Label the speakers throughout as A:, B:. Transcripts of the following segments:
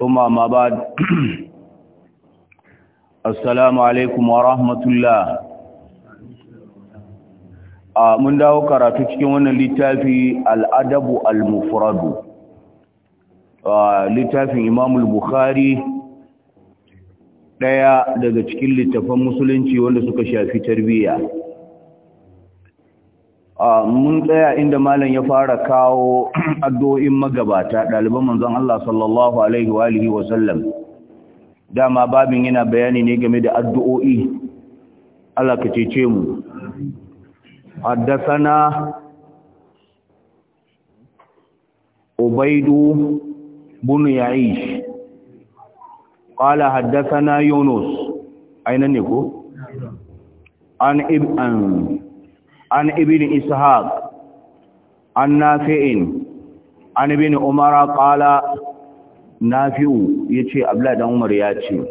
A: ثم ما بعد السلام عليكم ورحمة الله mun dawo karatu cikin wannan littafi al'adabu al-mufradu littafin imamul bukhari ɗaya daga cikin littattafan musulunci wanda suka shafi tarbiyya mun tsaya inda malam ya fara kawo addu'o'in magabata ɗaliban manzon Allah sallallahu alaihi wa alihi wa sallam dama babin yana bayani ne game da addu'o'i Allah ka cece mu haddathana ubaidu bin ya'ish qala haddathana yunus aina ne ko an ibn عن ابن إسحاق عن نافع عن ابن عمر قال نافع يتي أبلاد عمر ياتي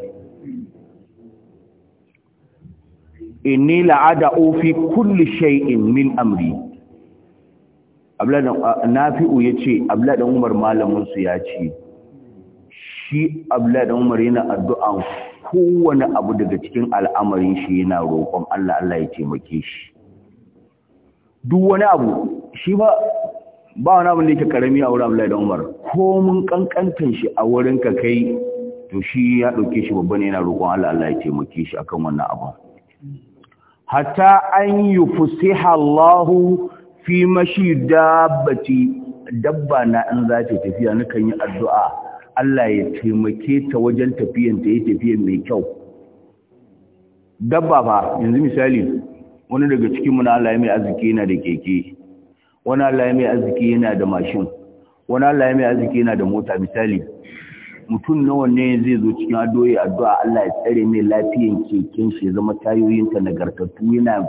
A: إني لعدأ في كل شيء من أمري أبلاد نافع يتي أبلاد عمر ما لمنس ياتي shi abla da umar yana addu'an kowane abu daga cikin al'amarin shi yana roƙon Allah Allah ya taimake shi duk wani abu shi ba ba wani abu da ke karami a wurin Abdullahi da Umar ko mun kankantan shi a wurin ka kai to shi ya ɗauke shi babban yana roƙon Allah Allah ya taimake shi akan wannan abu hatta an yi yufsiha Allahu fi mashi dabbati dabba na in za ta tafiya nakan yi addu'a Allah ya taimake ta wajen tafiyan ta yi tafiyan mai kyau dabba ba yanzu misali wani daga cikin mu Allah mai arziki yana da keke wani Allah mai arziki yana da mashin wani Allah mai arziki yana da mota misali mutum nawa ne zai zo cikin addu'o'i addu'a Allah ya tsare mai lafiyan keken shi zama tayoyin ta nagartattu yana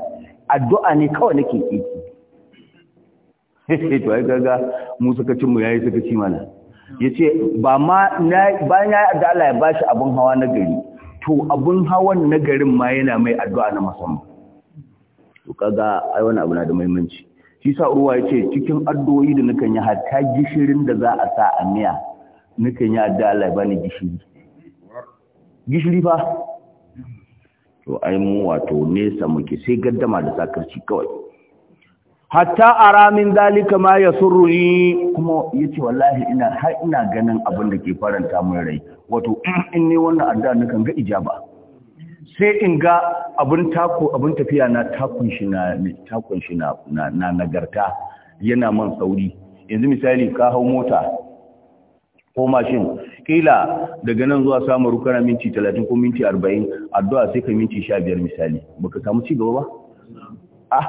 A: addu'a ne kawai nake keke to ai kaga mu suka cin mu yayi suka ci mana yace ba ma bayan ya da Allah ya bashi abun hawa na gari to abun hawan na garin ma yana mai addu'a na musamman to kaga ai wani abu na da muhimmanci shi sa ruwa yace cikin addu'o'i da nukan yi hatta gishirin da za a sa a miya nukan yi addu'a Allah ya bani gishiri gishiri fa to ai mu wato nesa muke sai gaddama da sakarci kawai hatta aramin zalika ma yasurruni kuma yace wallahi ina har ina ganin abin da ke faranta mun rai wato in ne wannan addu'a nukan ga ijaba sai in ga abin tako abin tafiya na takun shi na takun shi na na nagarta yana man sauri yanzu misali ka hau mota ko mashin kila daga nan zuwa samu rukana minti 30 ko minti 40 addu'a sai ka minti 15 misali baka samu ci gaba ba ah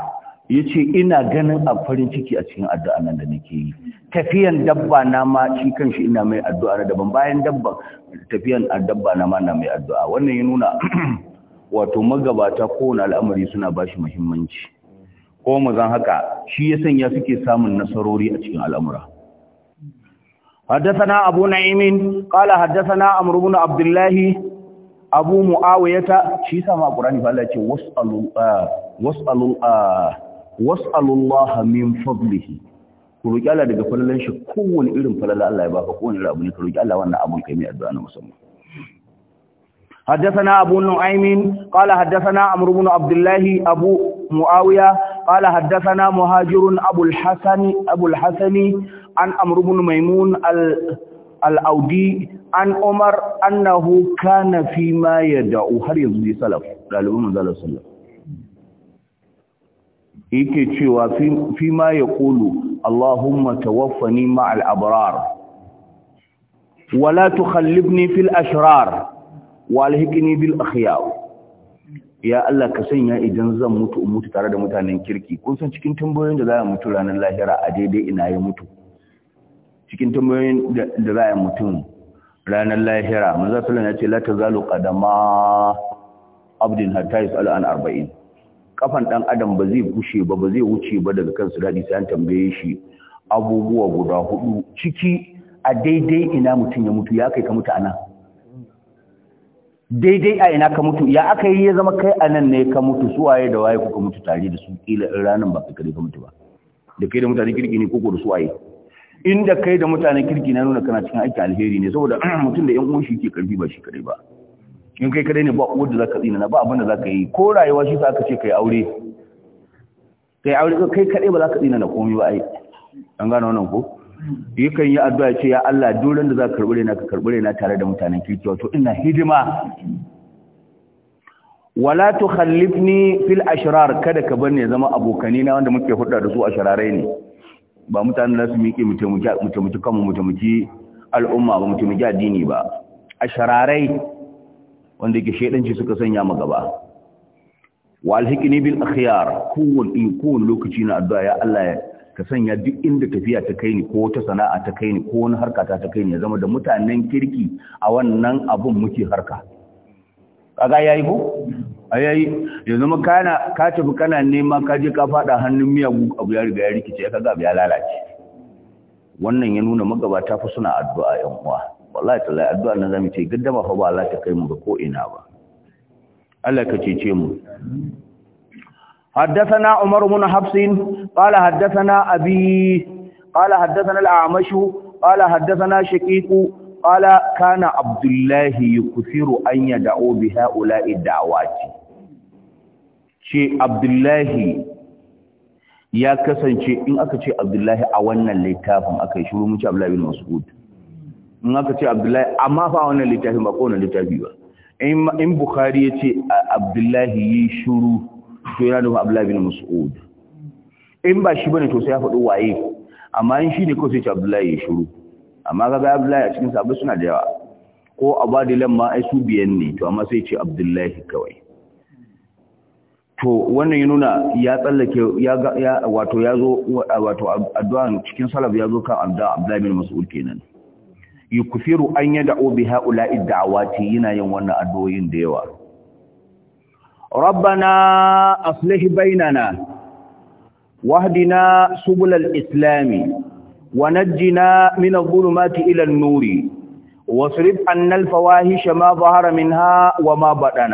A: yace ina ganin a farin ciki a cikin addu'a nan da nake yi tafiyan dabba na ma shi kanshi ina mai addu'a na daban bayan dabba tafiyan dabba na ma na mai addu'a wannan ya nuna wato magabata ko wani al'amari suna ba shi muhimmanci ko zan haka shi ya sanya suke samun nasarori a cikin al'amura حدثنا أبو نعيم قال حدثنا عمرو بن abu الله أبو معاوية qur'ani سما Allah ya ce wasalu wasalu wasalu Allah min fadlihi ku roki Allah daga falalan shi kowane irin falala Allah ya baka kowane abu ne Ku roki Allah wannan abun kai mai addu'a na musamman حدثنا أبو نعيم قال حدثنا عمرو بن عبد الله أبو معاوية قال حدثنا مهاجر أبو الحسن أبو الحسن عن عمرو بن ميمون الأودي عن عمر أنه كان فيما يدعو هل يزدي سلف قالوا من ذلك سلف yake cewa fi ma ya ƙulu Allahumma tawaffani ma'al abrar wala tukhallibni walhiqni bil akhya ya Allah ka sanya idan zan mutu in mutu tare da mutanen kirki kun san cikin tambayoyin da za a mutu ranar lahira a daidai ina ya mutu cikin tambayoyin da za a mutu ranar lahira manzo sallallahu ya ce la tazalu qadama abdin hatta yasal an 40 kafan dan adam ba zai gushe ba ba zai wuce ba daga kansu dadi sai an tambaye shi abubuwa guda hudu ciki a daidai ina mutum ya mutu ya kai ka mutu anan daidai a ina ka mutu ya aka yi ya zama kai a nan ne ka mutu su waye da waye kuka mutu tare da su kila in ranar ba ka kare ka mutu ba da kai da mutane kirki ne koko da su waye inda kai da mutane kirki na nuna kana cikin aiki alheri ne saboda mutum da yan uwan shi ke karfi ba shi kare ba in kai kare ne ba uwar da zaka tsina na ba abin da zaka yi ko rayuwa shi sa aka ce kai aure kai aure kai kadai ba zaka tsina na komai ba ai an gano wannan ko yakan yi addu'a ce ya Allah duran da za ka karɓi na ka karɓi na tare da mutanen kirki wato ina hidima wala tukhallifni fil ashrar kada ka bar ne zama abokani na wanda muke hudda da su ashrarai ne ba mutanen da su miƙe mutumci mutum al'umma ba mutumci addini ba ashrarai wanda ke shedanci suka sanya mu gaba wa alhiqni bil akhyar kowane lokaci na addu'a ya Allah ka sanya duk inda tafiya ta kai ni ko ta sana'a ta kai ni ko wani harka ta kai ni ya zama da mutanen kirki a wannan abun muke harka kaga yayi ko ayayi ya zama kana ka tafi kana nema ka je ka fada hannun miyagu abu ya riga ya rikice kaga abu ya lalace wannan ya nuna magabata fa suna addu'a yan uwa wallahi tallahi addu'a nan zamu ce gaddama fa ba Allah ta kai mu ga ko ina ba Allah ka cece mu حدثنا عمر بن حفص قال حدثنا أبي قال حدثنا الأعمش قال حدثنا شقيق قال كان عبد الله يكثر أن يدعو بهؤلاء الدعوات شيء عبد الله ya kasance in aka ce abdullahi a wannan littafin aka yi shuru muci abdullahi bin mas'ud in aka ce abdullahi amma fa a wannan littafin ba kowane littafi ba in bukhari ya ce abdullahi yi shuru to yana nufin abdullahi bin mas'ud in ba shi bane to sai ya faɗo waye amma in shi ne kawai sai ce abdullahi ya shiru amma kaga abdullahi a cikin sahabbai suna da yawa ko abadilan lamma ai su biyan ne to amma sai ce abdullahi kawai to wannan ya nuna ya tsallake wato ya zo wato addu'an cikin salaf ya zo kan abu abdullahi bin mas'ud kenan yukufiru an yad'u bi ha'ula'i da'awati yana yin wannan addu'o'in da yawa ربنا أصلح بيننا واهدنا سبل الإسلام ونجنا من الظلمات إلى النور واصرف عنا الفواهش ما ظهر منها وما بطن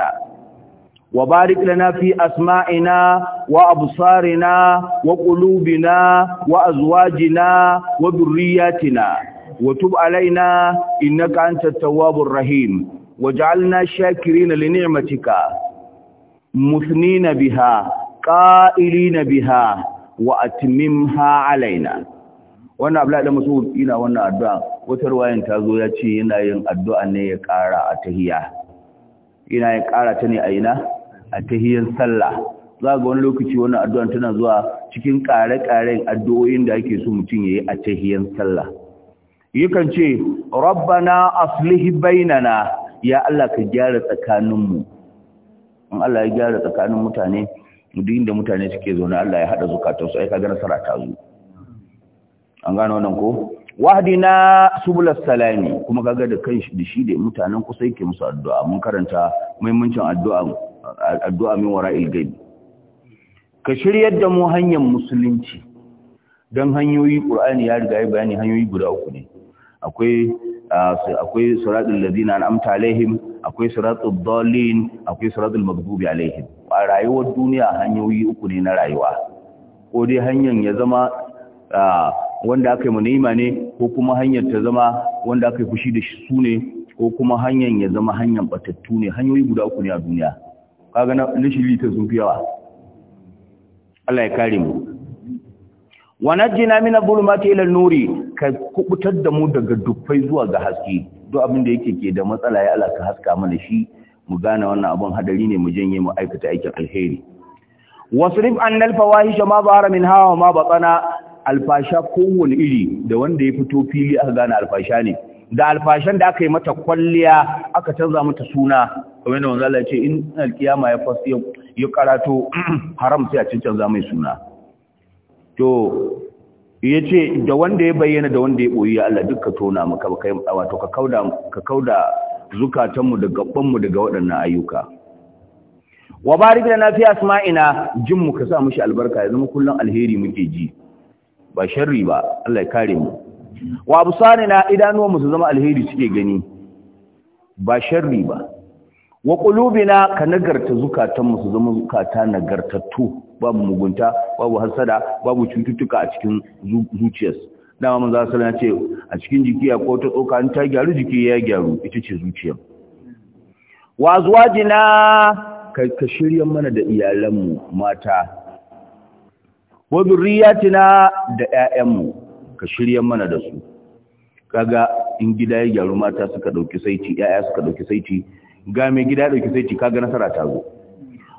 A: وبارك لنا في أسماعنا وأبصارنا وقلوبنا وأزواجنا وذرياتنا وتب علينا إنك أنت التواب الرحيم وجعلنا شاكرين لنعمتك مثنين biha قائلين biha واتممها علينا وانا wannan ده da ina wannan addu'a wata ruwayan ta zo ya ce yana yin addu'a ne ya ƙara a tahiyya ina ya ƙara ta ne a ina a tahiyan sallah za ga wani lokaci wannan addua tana zuwa cikin ƙare-ƙaren addu'o'in da ake so mutum yayi a tahiyan sallah yakan ce rabbana aslih bainana ya Allah ka gyara tsakaninmu in Allah ya gyara tsakanin mutane duk inda mutane suke zaune Allah ya hada zukatansu ai kaga nasara ta zo an gano wannan ko wahdina subulas salami kuma kaga da kanshi da shi da mutanen kusa ke musu addu'a mun karanta muhimmancin addu'a addu'a min wara'il gaib ka shiryar da mu hanyar musulunci dan hanyoyi qur'ani ya riga ya bayani hanyoyi guda uku ne akwai akwai suratul ladina an'amta alaihim akwai suratul dallin akwai suratul maghdubi alaihim a rayuwar duniya hanyoyi uku ne na rayuwa ko dai hanyar ya zama wanda aka yi ni'ima ne ko kuma hanyar ta zama wanda aka yi fushi da su ne ko kuma hanyar ya zama hanyar batattu ne hanyoyi guda uku ne a duniya kaga na shiri ta sun fi yawa Allah ya kare mu wa najjina min adh-dhulumati ila an-nuri ka kubutar da mu daga dufai zuwa ga haske duk abin da yake ke da matsala ya Allah ka haska mana shi mu gane wannan abun hadari ne mu janye mu aikata aikin alheri wasrif an al-fawahisha ma bara minha wa ma batana alfasha kowane iri da wanda ya fito fili aka gane alfasha ne da alfashan da aka yi mata kwalliya aka canza mata suna kamar da manzo ce in alkiyama ya fasu ya karato haram sai a canza mai suna to ya ce da wanda ya bayyana da wanda ya ɓoyi ya Allah duk ka tona mu ka kai wato ka kauda ka kauda zukatanmu da gabanmu daga waɗannan ayyuka wa barik lana fi asma'ina jin mu ka sa mushi albarka ya zama kullun alheri muke ji ba sharri ba Allah ya kare mu wa absarina idanuwan mu su zama alheri suke gani ba sharri ba wa qulubina ka nagarta zukatanmu su zama zukata nagartattu babu mugunta babu hasada babu cututtuka a cikin zuciyarsu dama manzo sallallahu alaihi ce a cikin jiki ko ta tsoka an ta gyaru jiki ya gyaru ita ce zuciya wa zuwajina ka ka shirye mana da iyalanmu mata wa zurriyatina da ƴaƴanmu ka shirye mana da su kaga in gida ya gyaru mata suka dauki saiti ƴaƴa suka dauki saiti ga mai gida dauki saiti kaga nasara ta zo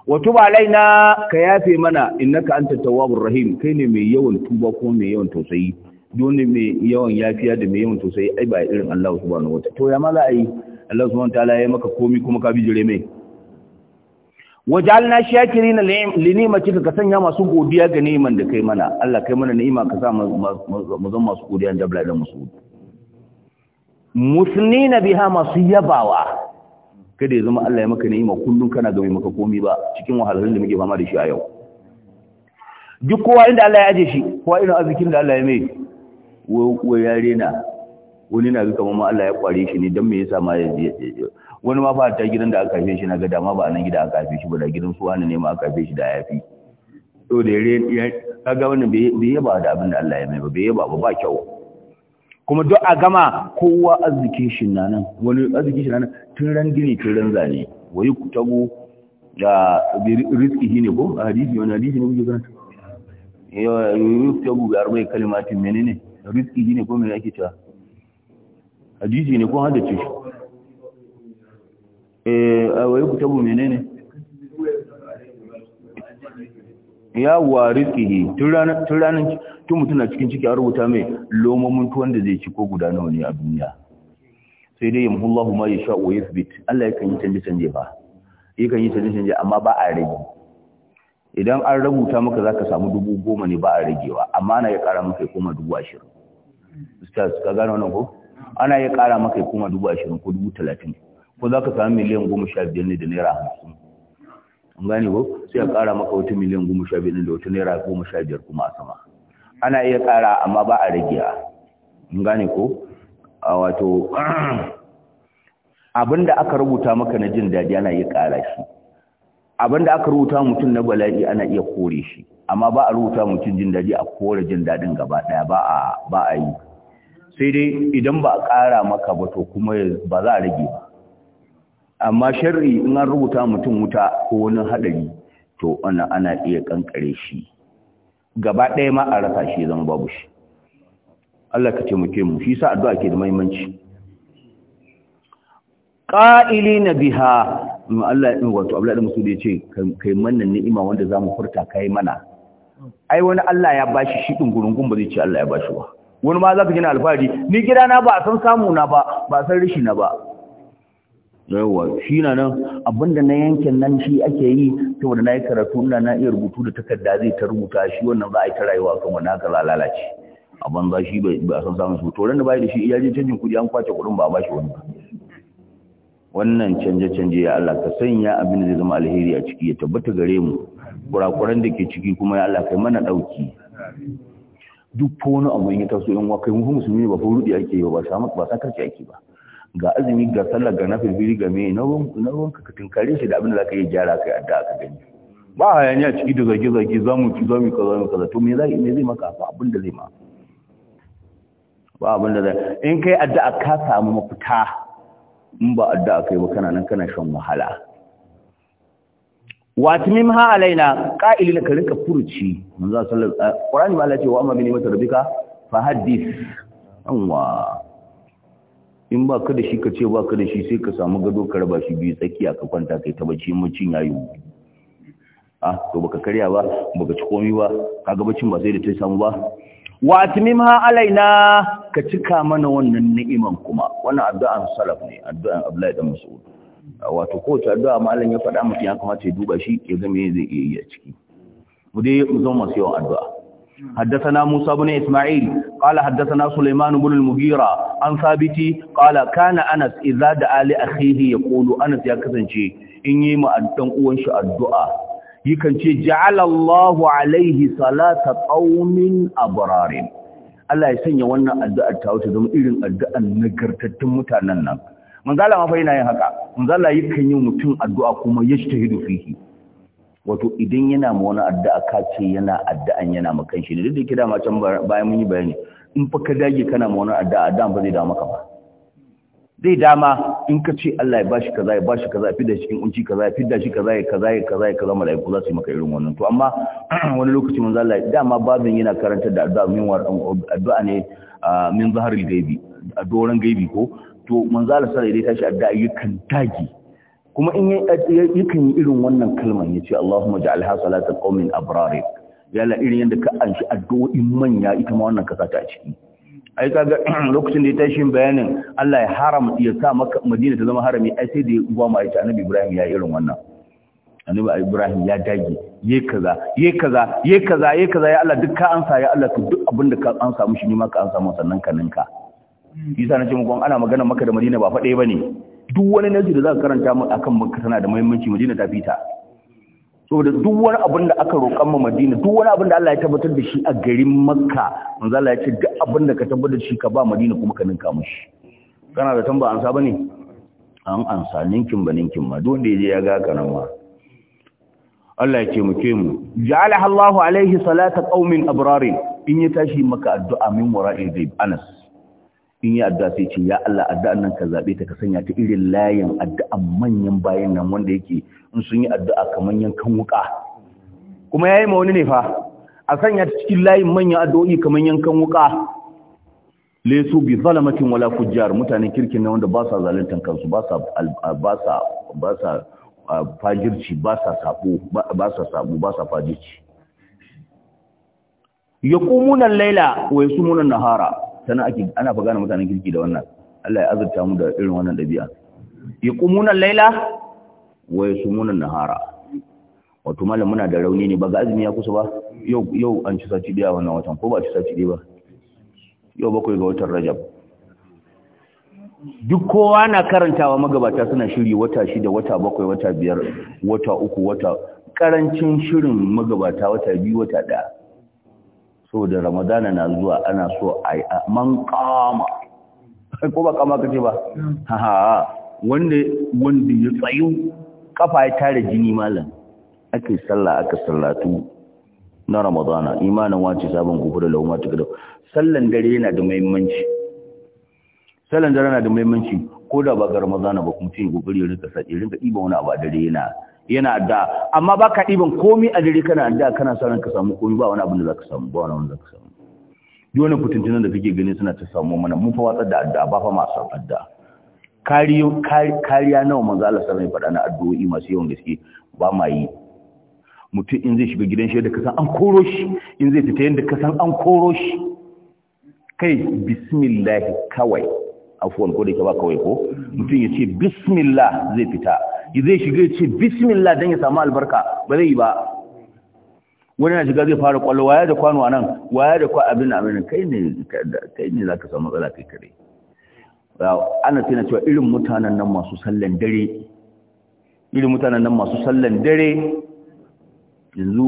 A: wa tuba alaina ka yafe mana innaka anta tawwabur rahim kai ne mai yawan tuba ko mai yawan tausayi dole mai yawan yafiya da mai yawan tausayi ai ba irin Allah subhanahu wata. to ya ma za a yi Allah subhanahu wata ya maka komi kuma ka bijire mai wajalna shakirina li ni'matika ka sanya masu godiya ga neman da kai mana Allah kai mana ni'ima ka sa mu zama masu godiya da bala da musu musnina biha masu yabawa kada ya zama Allah ya maka ni'ima kullum kana ga mai maka komai ba cikin wahalhalun da muke fama da shi a yau duk kowa inda Allah ya aje shi kowa irin arzikin da Allah ya mai wa ya rena wani na duka mamma Allah ya kware shi ne don me yasa ma ya wani ma fa ta gidan da aka haife shi na ga dama ba nan gida aka haife shi ba da gidan su wani ne ma aka haife shi da yafi to da ya kaga wannan bai yaba da abin da Allah ya mai ba bai yaba ba ba kyau kuma duk a gama kowa arziki shi na nan wani arziki shi na nan tun ran gini tun ran zane wai ku tago da riski shi ne ko a hadisi wani hadisi ne kuke karanta yau ku tago ga armai kalimatin mene ne riski shi ne ko mai ake cewa hadisi ne ko hada ce shi eh wai ku tago mene ne menene riski shi tun ranar tun mutum na cikin ciki a rubuta mai lomomin tuwon da zai ci ko guda nawa ne a duniya sai dai Allah ma yasha wa yathbit Allah ya kan yi canje canje ba ya kan yi canje canje amma ba a rage idan an rubuta maka za ka samu dubu goma ne ba a ragewa amma ana ya kara maka kuma dubu ashirin Stars. ka gano nan ko ana ya kara maka kuma dubu ashirin ko dubu talatin ko za ka samu miliyan goma sha biyar ne da naira hamsin an gane ko sai a kara maka wata miliyan goma sha biyar ne da wata naira goma sha biyar kuma a sama ana iya ƙara amma ba a ragewa in gane ko a wato abinda aka rubuta maka na jin daɗi ana iya ƙara shi abinda aka rubuta mutum na bala'i ana iya kore shi amma ba a rubuta mutum jin daɗi a kore jin daɗin gaba ɗaya ba a ba a yi sai dai idan ba a ƙara maka ba to kuma ba za a rage ba amma sharri in an rubuta mutum wuta ko wani haɗari to ana ana iya kankare shi gaba ɗaya ma a rasa shi zama babu shi Allah ka taimake mu shi sa addu'a ke da muhimmanci qa'ilina biha mu Allah in wato Abdullahi Musu da yace kai manna ni'ima wanda zamu furta kai mana ai wani Allah ya bashi shi din gurungun ba zai ce Allah ya bashi ba wani ma zaka gina alfahari ni gida na ba a san samu na ba ba san rishi na ba yawa shi na nan abinda na yankin nan shi ake yi ta wadda na yi karatu ina na iya rubutu da takarda zai ta rubuta shi wannan za a yi ta rayuwa kan wannan haka za a lalace a banza shi ba a san samun su to da bai da shi iya canjin kuɗi an kwace kuɗin ba a bashi wani ba. wannan canje-canje ya Allah ka sanya abin da zai zama alheri a ciki ya tabbata gare mu kurakuran da ke ciki kuma ya Allah kai mana ɗauki duk wani abu ya taso yan wa kai mu musulmi ba ko rudi ake yi ba ba sa karci ake ba ga azumi ga sallah ga nafilfili ga me na ruwanka ka tinkare shi da abin da za ka yi gyara kai adda aka gani ba hayaniya ciki da zage-zage za mu ci za mu kaza mu kaza to me zai me zai maka ba abin da zai ma ba abin da zai in kai addu'a ka samu mafita in ba addu'a kai ba kana nan kana shan wahala wa tmim ha alaina qa'ilina ka rinka furuci Wanzu a alaihi wasallam qur'ani ma Allah ce wa amma bi mata rabbika fa anwa in ba ka da shi ka ce ba ka da shi sai ka samu gado ka raba shi biyu tsakiya ka kwanta kai ta bacci mucin yayi ah to baka karya ba baka ci komai ba kaga bacin ba sai da ta samu ba wa atmimha alaina ka cika mana wannan ni'iman kuma wannan addu'an salaf ne addu'an Abdullahi dan Mas'ud ah, wato ko ta addu'a mallan ya faɗa mutum ya kamata ya duba shi ya ga me zai iya yi a ciki mu dai mu zama masu yawan addu'a حدثنا موسى بن إسماعيل قال حدثنا سليمان بن المغيرة عن ثابتي قال كان أنس إذا دعا لأخيه يقول أنس يا كسنشي إني ما أدتن أونش الدعاء يكن شي جعل الله عليه صلاة قوم أبرار Allah ya sanya wannan addu'ar ta wuce zama irin addu'ar nagartattun mutanen nan. Manzala ma fa yana yin haka, manzala yakan yi mutum addu'a kuma ya shi ta wato idan yana ma wani addu'a ka ce yana addu'an yana ma kanshi ne duk da kira ma can bayan mun yi bayani in fa ka dage kana ma wani addu'a addu'an ba zai dawo maka ba zai dama in ka ce Allah ya bashi kaza ya bashi kaza ya fidda shi in kunci kaza ya fidda shi kaza ya kaza ya kaza ya kaza mala'iku za su yi maka irin wannan to amma wani lokaci manzo Allah dama babin yana karantar da addu'a min war addu'a ne min zaharil gaibi a doran gaibi ko to manzo Allah sai dai tashi addu'a yakan dage kuma in yakan yi irin wannan kalman ya ce Allahumma ja'alha salatul qaumin abrarik yalla irin yadda ka anshi addu'o'in manya ita ma wannan kasa ta ciki ai kaga lokacin da ya tashi bayanin Allah ya haram ya sa maka Madina ta zama harami ai sai da ya uwa mai ta Annabi Ibrahim ya irin wannan Annabi Ibrahim ya dage ye kaza ye kaza ye kaza ye kaza ya Allah duk ka ansa ya Allah ka duk abinda ka ansa mushi ni ma ka ansa mu sannan ka ninka yasa nace muku ana magana maka da Madina ba fa dai bane duk wani nazi da za ka karanta mu akan makka tana da muhimmanci madina ta fita saboda duk wani abin da aka roƙan mu madina duk wani abin da Allah ya tabbatar da shi a garin makka manzo Allah ya ce duk abin da ka tabbatar da shi ka ba madina kuma ka ninka mushi kana da tamba ansa bane an ansa ninkin ba ninkin ma duk wanda je ya ga nan ma Allah ya ce mu ke mu ja'alahu Allahu alaihi salata qaumin abrarin in ya tashi maka addu'a min wara'i ghaib Anas in yi addu'a sai ce ya Allah addu'an nan ka zabe ta ka sanya ta irin layin addu'an manyan bayan nan wanda yake in sun yi addu'a kamar kan wuka kuma yayi ma wani ne fa a sanya ta cikin layin manyan addu'o'i kamar yankan wuka laysu bi zalamatin wala fujjar mutanen kirkin na wanda ba sa zaluntan kansu ba sa ba sa ba sa fajirci ba sa sabo ba sa sabo ba sa fajirci yaqumuna al-laila wa yasumuna an-nahara tana ake ana fa gane mutanen kirki da wannan Allah ya azurta mu da irin wannan dabi'a yaqumuna al-laila wa yasumuna an-nahara wato mallam muna da rauni ne ba ga azumi ya kusa ba yau yau an ci sati daya wannan watan ko ba ci sati daya ba yau bakwai ga watan Rajab duk kowa na karantawa magabata suna shiri wata shida wata bakwai wata biyar wata uku wata karancin shirin magabata wata biyu wata ɗaya so da ramadana na zuwa ana so a yi man kama ko ba kama kace ba ha wanda wanda ya tsayu kafa ya tare jini malam ake sallah aka sallatu na ramadana imanin wace sabon gufura lauma ta gado sallan dare yana da muhimmanci sallan dare yana da muhimmanci ko da ba ga ramadana ba kuma sai ya rinka sai rinka diba wani abu dare yana yana addu'a amma baka ɗiban komi a dare kana addu'a kana sa ranka samu komi ba wani abin da ka samu ba wani abin da ka samu Yi wani fitintunan da kake gani suna ta samu mana mun fa watsar da addu'a ba fa masu addu'a kariya nawa manzo Allah sallallahu alaihi ya faɗa na addu'o'i masu yawan gaske ba ma yi mutum in zai shiga gidan shi da kasan an koro shi in zai fita yadda kasan an koro shi kai bismillah kawai afuwan ko da ke ba kawai ko mutum ya ce bismillah zai fita zai shiga ya ce bismillah don ya samu albarka ba zai yi ba wani na shiga zai fara kwallo waya da kwano nan waya da kwa abin abin kai ne kai ne za ka samu matsala kai kare ana sai na cewa irin mutanen nan masu sallan dare irin mutanen nan masu sallan dare yanzu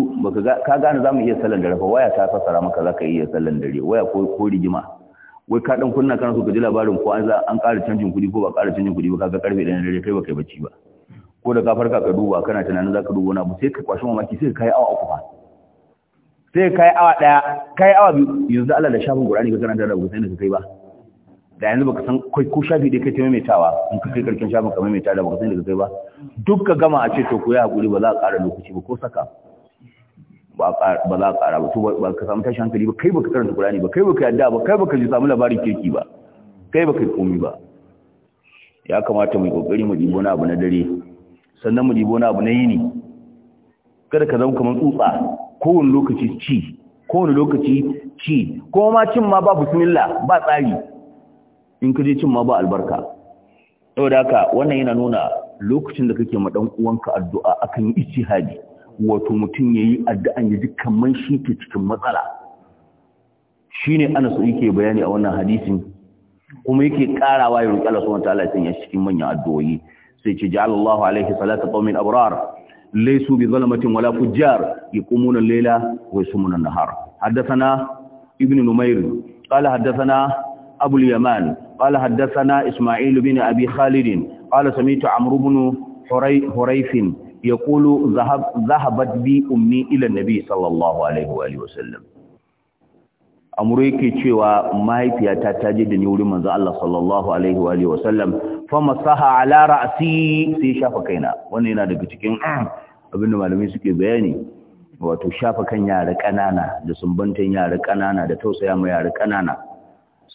A: ka gane za mu iya sallan dare fa waya ta fasara maka za ka iya sallan dare waya ko rigima wai ka dan kunna kana so ka ji labarin ko an za an ƙara canjin kuɗi ko ba ƙara canjin kuɗi ba ga karfe ɗaya dare kai ba kai bacci ba ko da kafarka ka duba kana tunanin za ka duba wani abu sai ka kwashi mamaki sai ka yi awa uku ba sai ka yi awa ɗaya ka yi awa biyu yanzu Allah da shafin Qur'ani ka karanta da Hussein ka kai ba da yanzu baka san kai ko shafi dai kai ta maimaitawa in ka kai karkin shafin ka maimaita da baka san da kai ba duk ka gama a ce to ku yi hakuri ba za a ƙara lokaci ba ko saka ba ba za a ƙara ba to ba ka samu tashin hankali ba kai baka karanta Qur'ani ba kai baka yadda ba kai baka ji samu labarin kirki ba kai baka yi komi ba ya kamata mu yi kokari mu dibo na abu na dare sannan mu dibo na abu na yini kada ka zama kamar tsutsa kowane lokaci ci kowane lokaci ci ko ma cin ma ba bismillah ba tsari in ka je cin ma ba albarka saboda haka wannan yana nuna lokacin da kake ma dan uwanka addu'a akan yi ijtihadi wato mutum yayi addu'an ya ji kaman shi ke cikin matsala shine Anas yake bayani a wannan hadisin kuma yake karawa ya roƙi Allah subhanahu wataala ya sanya shi cikin manyan addu'o'i sai ce ja'ala Allahu alaihi salatu qaumin abrar laysu bi zalamatin wala fujjar yuqumuna al-layla wa yusumuna an-nahar haddathana ibn numair qala haddathana abu al-yaman qala haddathana isma'il bin abi khalid qala sami'tu amr ibn hurayf yaqulu dhahab dhahabat bi ummi ila an-nabi sallallahu alaihi wa alihi wa sallam amuru yake cewa mahaifiyata ta je da ni wurin manzo Allah sallallahu alaihi wa alihi wasallam fa masaha ala ra'si sai shafa kaina wannan yana daga cikin ah, abinda malamai suke bayani wato shafa kan yara kanana da sumbantan yara kanana da tausaya ma yara kanana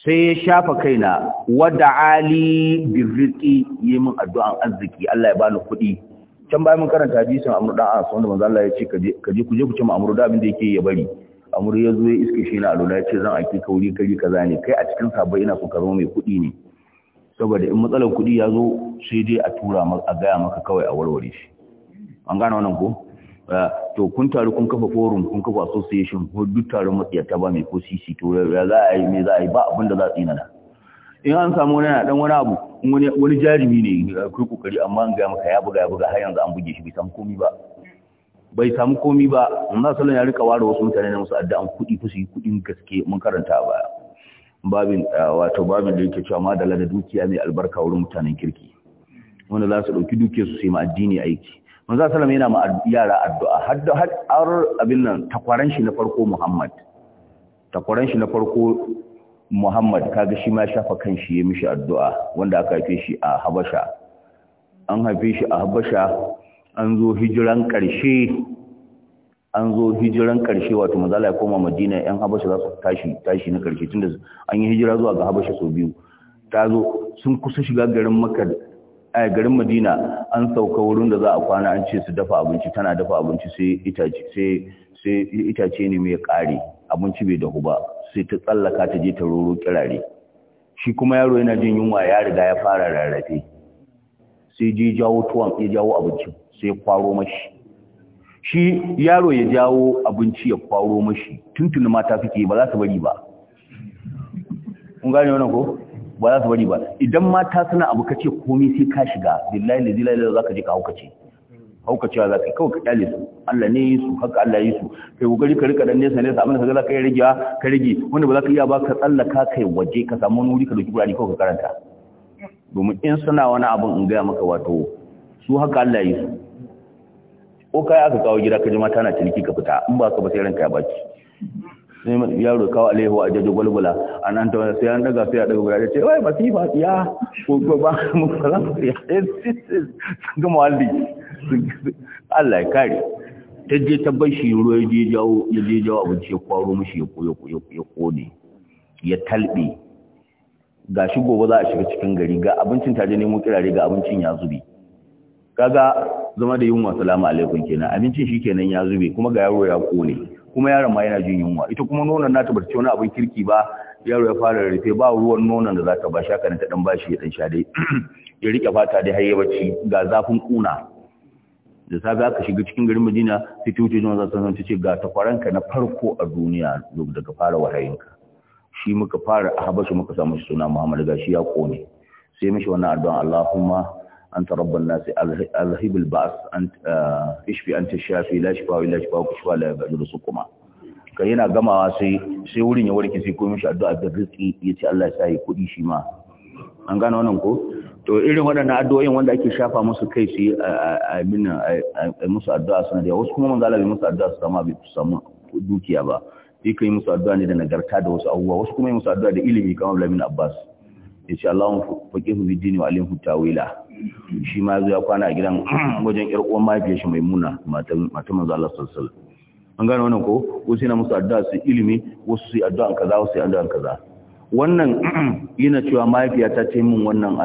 A: sai ya shafa kaina wada ali riqi yi min addu'an arziki Allah ya bani kuɗi can bayan mun karanta hadisin amru dan as manzo Allah ya ce ka je ku je ku ce ma amru da abin da yake ya bari amur ya zo ya iske shi na alula ya ce zan ake kauri kari kaza ne kai a cikin sabai ina so ka zama mai kuɗi ne saboda in matsalar kuɗi ya zo sai dai a tura a gaya maka kawai a warware shi an gane wannan ko ah, to kun taru kun kafa forum kun kafa association ko duk taron matsiyata ba mai ko sisi to ya za a yi me za a yi ba abin da za a tsinana in an samu wani dan wani abu wani jarumi ne kai kokari amma an gaya maka ya buga ya buga har yanzu an buge shi bai san komai ba bai samu komi ba amma sallan ya rika ware wasu mutane na musu addu'an kuɗi ku su yi kuɗin gaske mun karanta ba babin wato babin da yake cewa madala da dukiya mai albarka wurin mutanen kirki wanda za su ɗauki dukiyar su sai ma addini aiki za sallam yana ma yara addu'a har har abin nan takwaran shi na farko Muhammad takwaran shi na farko Muhammad kaga shi ma ya shafa kanshi, ya mishi addu'a wanda aka haife shi a Habasha an haife shi a Habasha an zo hijiran ƙarshe an zo hijiran ƙarshe wato mazala ya koma madina yan habasha za su tashi na ƙarshe tunda an yi hijira zuwa ga habasha sau biyu ta zo sun kusa shiga garin garin madina an sauka wurin da za a kwana an ce su dafa abinci tana dafa abinci sai itace ne mai ƙare abinci bai dahu ba sai ta tsallaka ta je ta roro kirare shi kuma yaro yana jin yunwa ya riga ya fara rarrafe sai je jawo tuwon ya jawo abinci sai kwaro mashi shi yaro ya jawo abinci ya kwaro mashi Tuntun mata suke ba za su bari ba kun gane wannan ko ba za su bari ba idan mata suna abu kace komai sai ka shiga billahi la ilaha za ka je ka haukace Haukace za ka kawai ka kyale su Allah ne yi su haka Allah yi su kai kokari ka rika dan nesa nesa abin da ka za ka yi ka rige wanda ba za ka iya ba ka tsallaka kai waje ka samu wuri ka doki burani kawai ka karanta domin in suna wani abin in gaya maka wato su haka Allah yi su ko kai aka kawo gida ka ji mata na ciniki ka fita in ba ka ba sai ranka ya baci sai yaro kawo alaihu a jaji gwalgwala a nan ta sai an daga sai a daga ya ce wai masifa ya ko ba mu fara ya ga mawalli Allah ya kare ta je ta bar shi ruwa ya je jawo ya je jawo abinci ya kwaro mishi ya koyo ya kone ya talbe ga shi gobe za a shiga cikin gari ga abincin taje nemo kirare ga abincin ya zube kaga zama da yunwa salamu alaikum kenan abincin shi kenan ya zube kuma ga yaro ya kone kuma yaron ma yana jin yunwa ita kuma nonon nata ba ta wani abin kirki ba yaro ya fara rufe ba ruwan nonon da za ta ba shaka ta dan bashi ya dan sha dai ya rike fata dai har ya bacci ga zafin kuna da safe aka shiga cikin garin Madina sai tutu jin wannan sanan ce ga takwaranka na farko a duniya daga fara wahayinka shi muka fara a habasu muka samu suna Muhammad gashi ya ƙone sai mishi wannan addu'a Allahumma ta rabban nasi alhibul ba’as uh, anta ishfi ta shafi la shifa illa shifa kushwa la yadur kuma kai yana gamawa sai sai wurin ya warke sai ko shi addu'a da ya ci Allah ya sa kudi shi ma an gane wannan ko to irin waɗannan addu'o'in wanda ake shafa musu kai su a musu addu'a suna da wasu kuma manzala bai musu addu'a su sama bai samu dukiya ba yi kai musu addu'a ne da nagarta da wasu abubuwa wasu kuma yi musu addu'a da ilimi kamar Abdullahi Abbas. Abbas Allah Allahu faqihu fi dini wa alimhu tawila shi ma zuwa kwana a gidan wajen ƴar uwan mahaifiyar shi Maimuna matan matan manzo Allah sallallahu alaihi wasallam an gane wannan ko wasu sai na musu addu'a su ilimi wasu su addu'a kaza wasu addu'a kaza wannan yana cewa mahaifiyata ce min wannan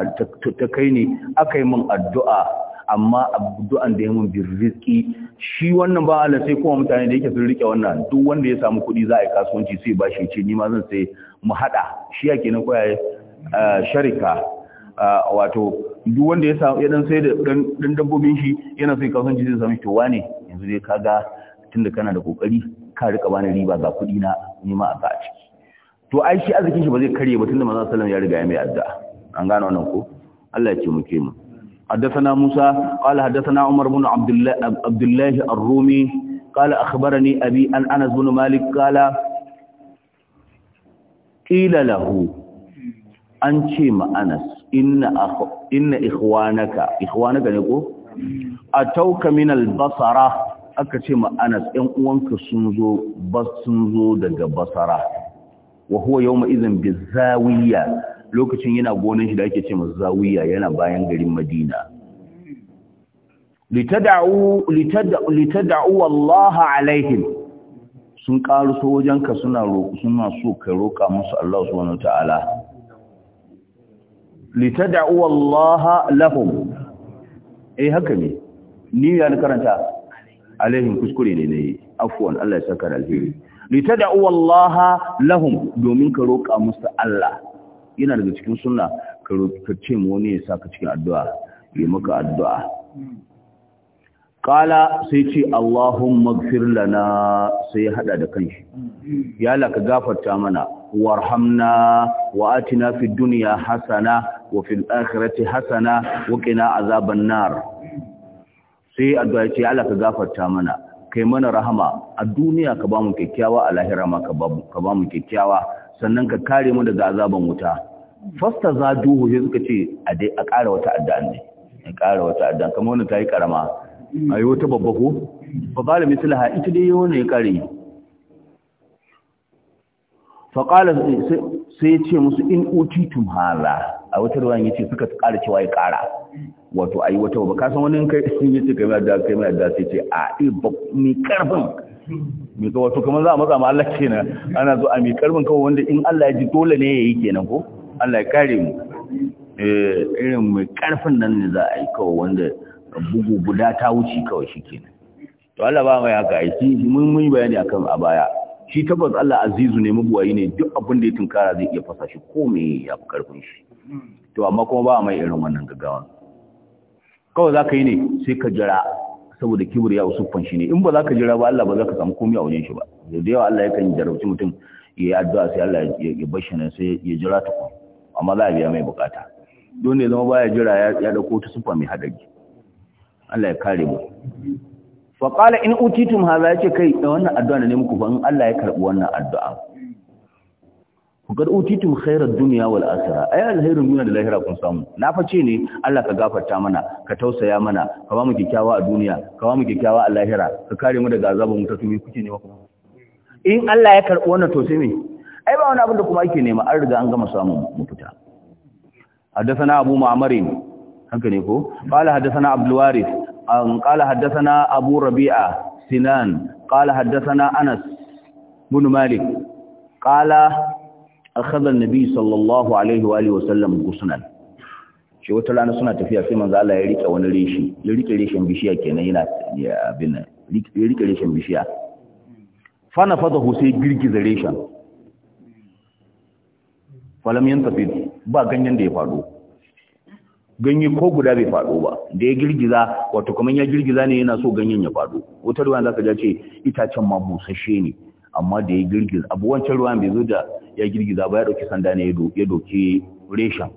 A: ta kai ne yi min addu'a amma abdu'an da yamin birrizki shi wannan ba Allah sai kuma mutane da yake sun rike wannan duk wanda ya samu kuɗi za a yi kasuwanci sai ba shi ce ni ma zan sai mu hada shi yake na koyaye eh, sharika eh, wato duk wanda ya samu ya sai da dan dabbobin shi yana sai kasuwanci zai samu to wane yanzu dai kaga tunda kana da kokari ka rika bani riba ga kuɗi na ni ma a sa a ciki to ai shi arzikin shi ba zai kare ba tunda manzon sallallahu alaihi wasallam ya riga ya mai addu'a an gano wannan ko Allah ya ce mu ke mu حدثنا موسى قال حدثنا عمر بن عبد الله عبد الله الرومي قال اخبرني ابي ان انس بن مالك قال قيل له انشي ما انس ان اخ ان اخوانك اخوانك ne ko atauka min al-basra aka ce ma anas ɗan uwanka sun zo sun zo daga basara wa huwa yawma idhin bizawiya lokacin yana gonan shi da ake ce masu zawiya yana bayan garin madina litada'u litada'u litada'u wallahi alaihim sun karuso wajenka suna roƙo suna so ka roƙa musu Allah subhanahu wataala litada'u wallahi lahum eh haka ne ni ya karanta alaihim kuskure ne ne afuwan Allah ya saka da alheri litada'u wallaha lahum domin ka roƙa musu Allah yana daga cikin sunna ka ce mu wani ya ka cikin addu'a ya maka addu'a kala sai ce Allahumma gfir lana sai hada da kanshi ya la ka gafarta mana warhamna wa atina fid dunya hasana wa fil akhirati hasana wa qina azaban nar sai addu'a ce Allah ka gafarta mana kai mana rahama a duniya ka bamu kyakkyawa a lahira ma ka ba ka bamu kyakkyawa sannan ka kare mu daga azaban wuta fasta za duhu sai suka ce a ƙara wata addu'a ne a ƙara wata addu'a kamar wani ta yi ƙarama a yi wata babba ko fa ƙala mislaha ita dai yawon ya kare. fa qala sai ce musu in utitum hala a wata ruwan ya ce suka ƙara cewa ya ƙara wato a yi wata babba kasan wani kai sun yi ce kai mai da kai mai da sai ce a ɗi eh, mai karfin. mai tsawo to kuma za a matsa ma Allah kenan ana zo a mai karbin kawai wanda in Allah ya ji dole ne ya yi kenan ko Allah ya kare mu eh, irin mai karfin nan ne za a yi kawai wanda bugu guda ta wuce kawai shi kenan to Allah ba mai haka aiki mun yi bayani akan a baya shi tabbas Allah azizu ne mabuwayi ne duk abin da ya tunkara zai iya fasa shi ko me ya fi karfin shi to amma kuma ba mai irin wannan gaggawa kawai za ka yi ne sai ka jira saboda ya usuffan shi ne in ba za ka jira ba Allah ba za ka samu komai a wajen shi ba da yawa Allah yakan jarabci mutum ya yi addu'a sai Allah ya bashi nan sai ya jira ta kuma amma za a biya mai bukata don ne zama baya jira ya dauko ta sufa mai hadari Allah ya kare mu fa qala in utitum hadha yace kai da wannan addu'a ne muku fa in Allah ya karbi wannan addu'a ku kad utitum duniya wal asara. ay alherin dunya da lahira kun samu na face ne Allah ka gafarta mana ka tausaya mana ka ba mu kikkiawa a duniya ka ba mu kikkiawa a lahira ka kare mu daga mu ta tumi kuke ne kuma in Allah ya karɓi wannan tausayi ne? ai ba wani abin da kuma ake nema an riga an gama samun mu fita حدثنا أبو معمر ko. قال Haddasana عبد الوارث قال حدثنا Abu Rabi'a Sinan, قال حدثنا Anas بن Malik, قال أخذ النبي صلى sallallahu alaihi wa وسلم wasallam شو أنا صنعت suna tafiya sai الله يريك ya rike wani reshi ya rike reshen bishiya kenan yana abin nan reshen bishiya fa nafadahu ba ganyen ganye ko guda bai faɗo ba da ya girgiza wato kamar ya girgiza ne yana so ganyen ya faɗo. wata ruwan zaka ja ce itacen ma busasshe ne amma da ya girgiza abu wancan ruwan bai zo da ya girgiza ba ya ɗauki sanda ne ya doki reshen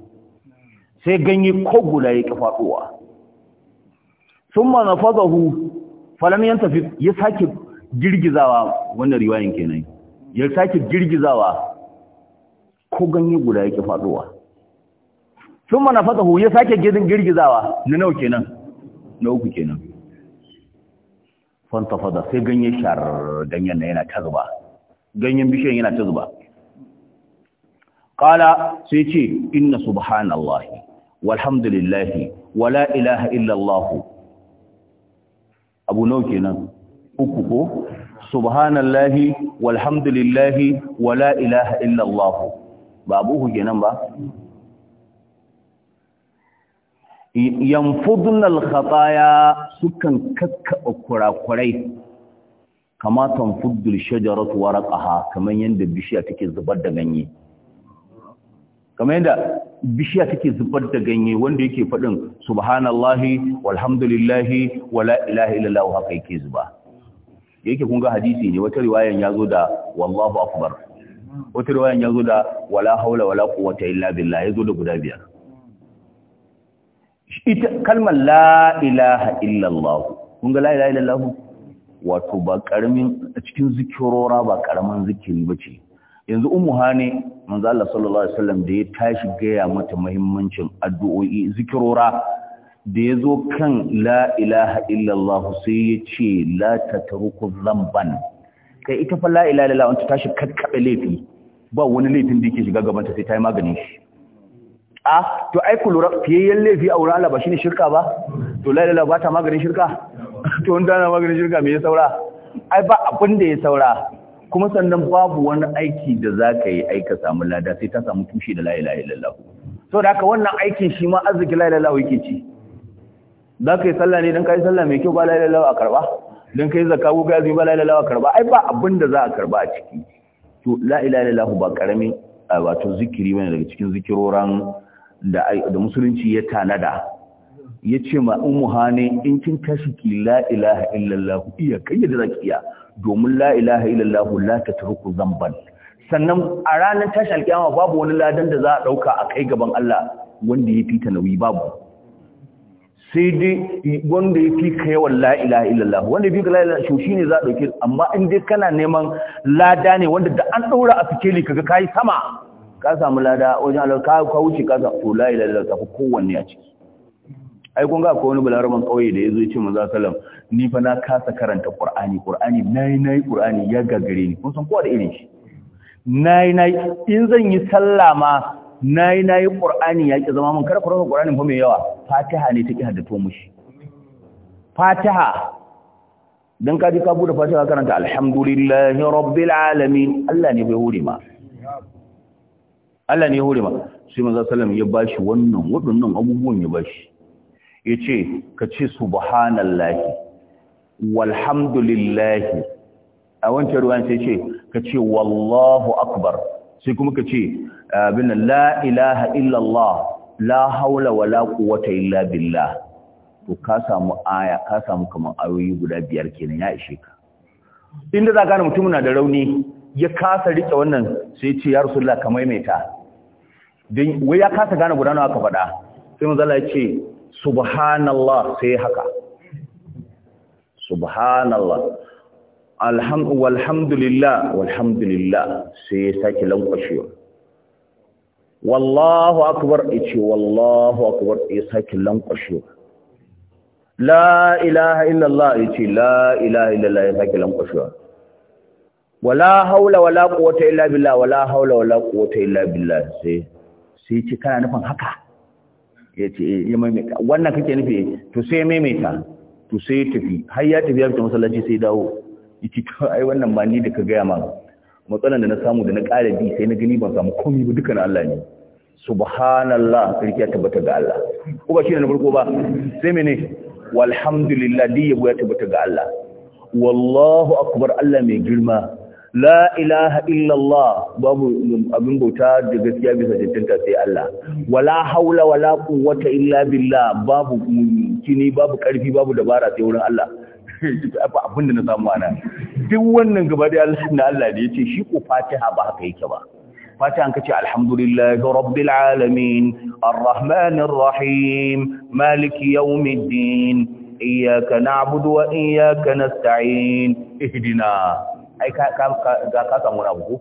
A: sai ganye ko guda ya ƙi faɗowa sun ma na fazahu falam yan tafi ya sake girgizawa wannan riwayin kenan ya sake girgizawa ko ganye guda ya ƙi faɗowa sun ma na fazahu ya sake girgizawa na nau kenan na uku kenan fanta fada sai ganyen shar ganyen na yana ta zuba ganyen bishiyan yana ta zuba qala sai ce inna subhanallah, walhamdulillah, wala ilaha illallah abu nau kenan uku ko subhanallahi walhamdulillahi wala ilaha illallah ba abu hu kenan ba fudunar khataya sukan kakka kurakurai kama tanfudul shajaratu waraqaha kaman yanda bishiya take zubar da ganye kamar yadda bishiya take zubar da ganye wanda yake fadin subhanallahi walhamdulillahi wala ilaha illallah haka yake zuba yake kun ga hadisi ne wata riwayan yazo da wallahu akbar wata riwayan yazo da wala haula wala quwwata illa billah yazo da guda biyar ita kalmar la ilaha illallah kun ga la ilaha illallah wato ba karamin a cikin zikirora ba ƙaramin zikiri bace yanzu ummu hane manzo Allah sallallahu alaihi wasallam da ya tashi gaya mata muhimmancin addu'o'i zikirora da ya zo kan la ilaha illallah sai ya ce la taruku Zamban, kai ita fa la ilaha illallah tashi kakkabe laifi ba wani laifin da yake shiga gaban ta sai ta yi maganin shi a to ai ku lura fiyayyen laifi a wurin alaba shi ne shirka ba to la ilaha ba ta maganin shirka to in na maganin shirka me ya saura ai ba abin da ya saura kuma sannan babu wani aiki da za ka yi ai ka samu lada sai ta samu tushe da la ilaha illallah to da haka wannan aikin shi ma arziki la ilaha yake ci za ka yi sallah ne don kai sallah mai kyau ba la ilaha a karba Don kai zaka ko gazi ba la ilaha a karba ai ba abin da za a karba a ciki to la ilaha ba karamin wato zikiri bane daga cikin zikiroran da musulunci ya tanada ya ce ma umu hane in kin tashi ki la ilaha illallah iya kai da zaki iya domin la ilaha illallah la tatruku zamban sannan a ranar tashi alkiyama babu wani ladan da za a dauka a kai gaban Allah wanda ya fita nauyi babu sai dai wanda ya fi ka yawan la'ilaha illallah wanda ya fi la la'ilaha shi ne za a ɗauki amma in dai kana neman lada ne wanda da an ɗaura a fikeli kaga kai sama ka samu lada wajen Allah ka ka wuce ka to la ilaha illallah ka kowanne a ciki ai kun ga ko wani balaraban kauye da yazo ya ce manzo sallam ni fa na kasa karanta qur'ani qur'ani nayi nayi qur'ani ya gagare ni kun san kowa da irin shi nayi nayi in zan yi sallah ma nayi nayi qur'ani ya ki zama mun kar qur'ani qur'ani fa mai yawa fatiha ne take haddato mushi fatiha dan kaji ka bude fatiha karanta alhamdulillahi rabbil alamin Allah ne bai hore ma Allah ne ya hore ma sai manzo sallam ya bashi wannan waɗannan abubuwan ya bashi yace ka ce subhanallahi walhamdulillahi a wancan ruwan sai ce ka ce wallahu akbar sai kuma ka ce abin la ilaha illallah la haula wala quwwata illa billah to ka samu aya ka samu kaman ayoyi guda biyar kenan ya ishe ka inda za gane mutum na da rauni ya kasa rike wannan sai ce ya rasulullah ka maimaita don wai ya kasa gane gudanar nawa aka faɗa sai manzala ce subhanallah sai haka subhanallah Alhamdulillah. walhamdulillah sai ya sake lankwashewa wallahu akbar ya ce wallahu akbar ya sake lankwashewa la ilaha illallah ya ce la ilaha illallah ya sake lankwashewa wala haula wala quwwata illa billah wala haula wala quwwata illa billah sai sai ce kana nufin haka ya ce eh, ya maimaita wannan kake nufi to sai ya maimaita to sai ya tafi har ya tafi ya fita masallaci sai ya dawo ya ce to ai wannan ba ni da ka gaya ma matsalan da na samu da na ƙara bi sai na gani ban samu komai ba duka na Allah ne subhanallah sarki ya tabbata ga Allah ko ba shine na farko ba sai mene walhamdulillah di yabo ya tabbata ga Allah wallahu akbar Allah mai girma la ilaha illallah babu abin bauta da gaskiya bisa cancanta sai Allah wala haula wala quwwata illa billah babu kini babu karfi babu dabara sai wurin Allah abin da na samu ana duk wannan gaba da Allah na Allah da yace shi ko Fatiha ba haka yake ba Fatiha kace alhamdulillahi rabbil alamin arrahmanir rahim maliki yawmiddin iyyaka na'budu wa iyyaka nasta'in ihdina ai ka ka samu na buku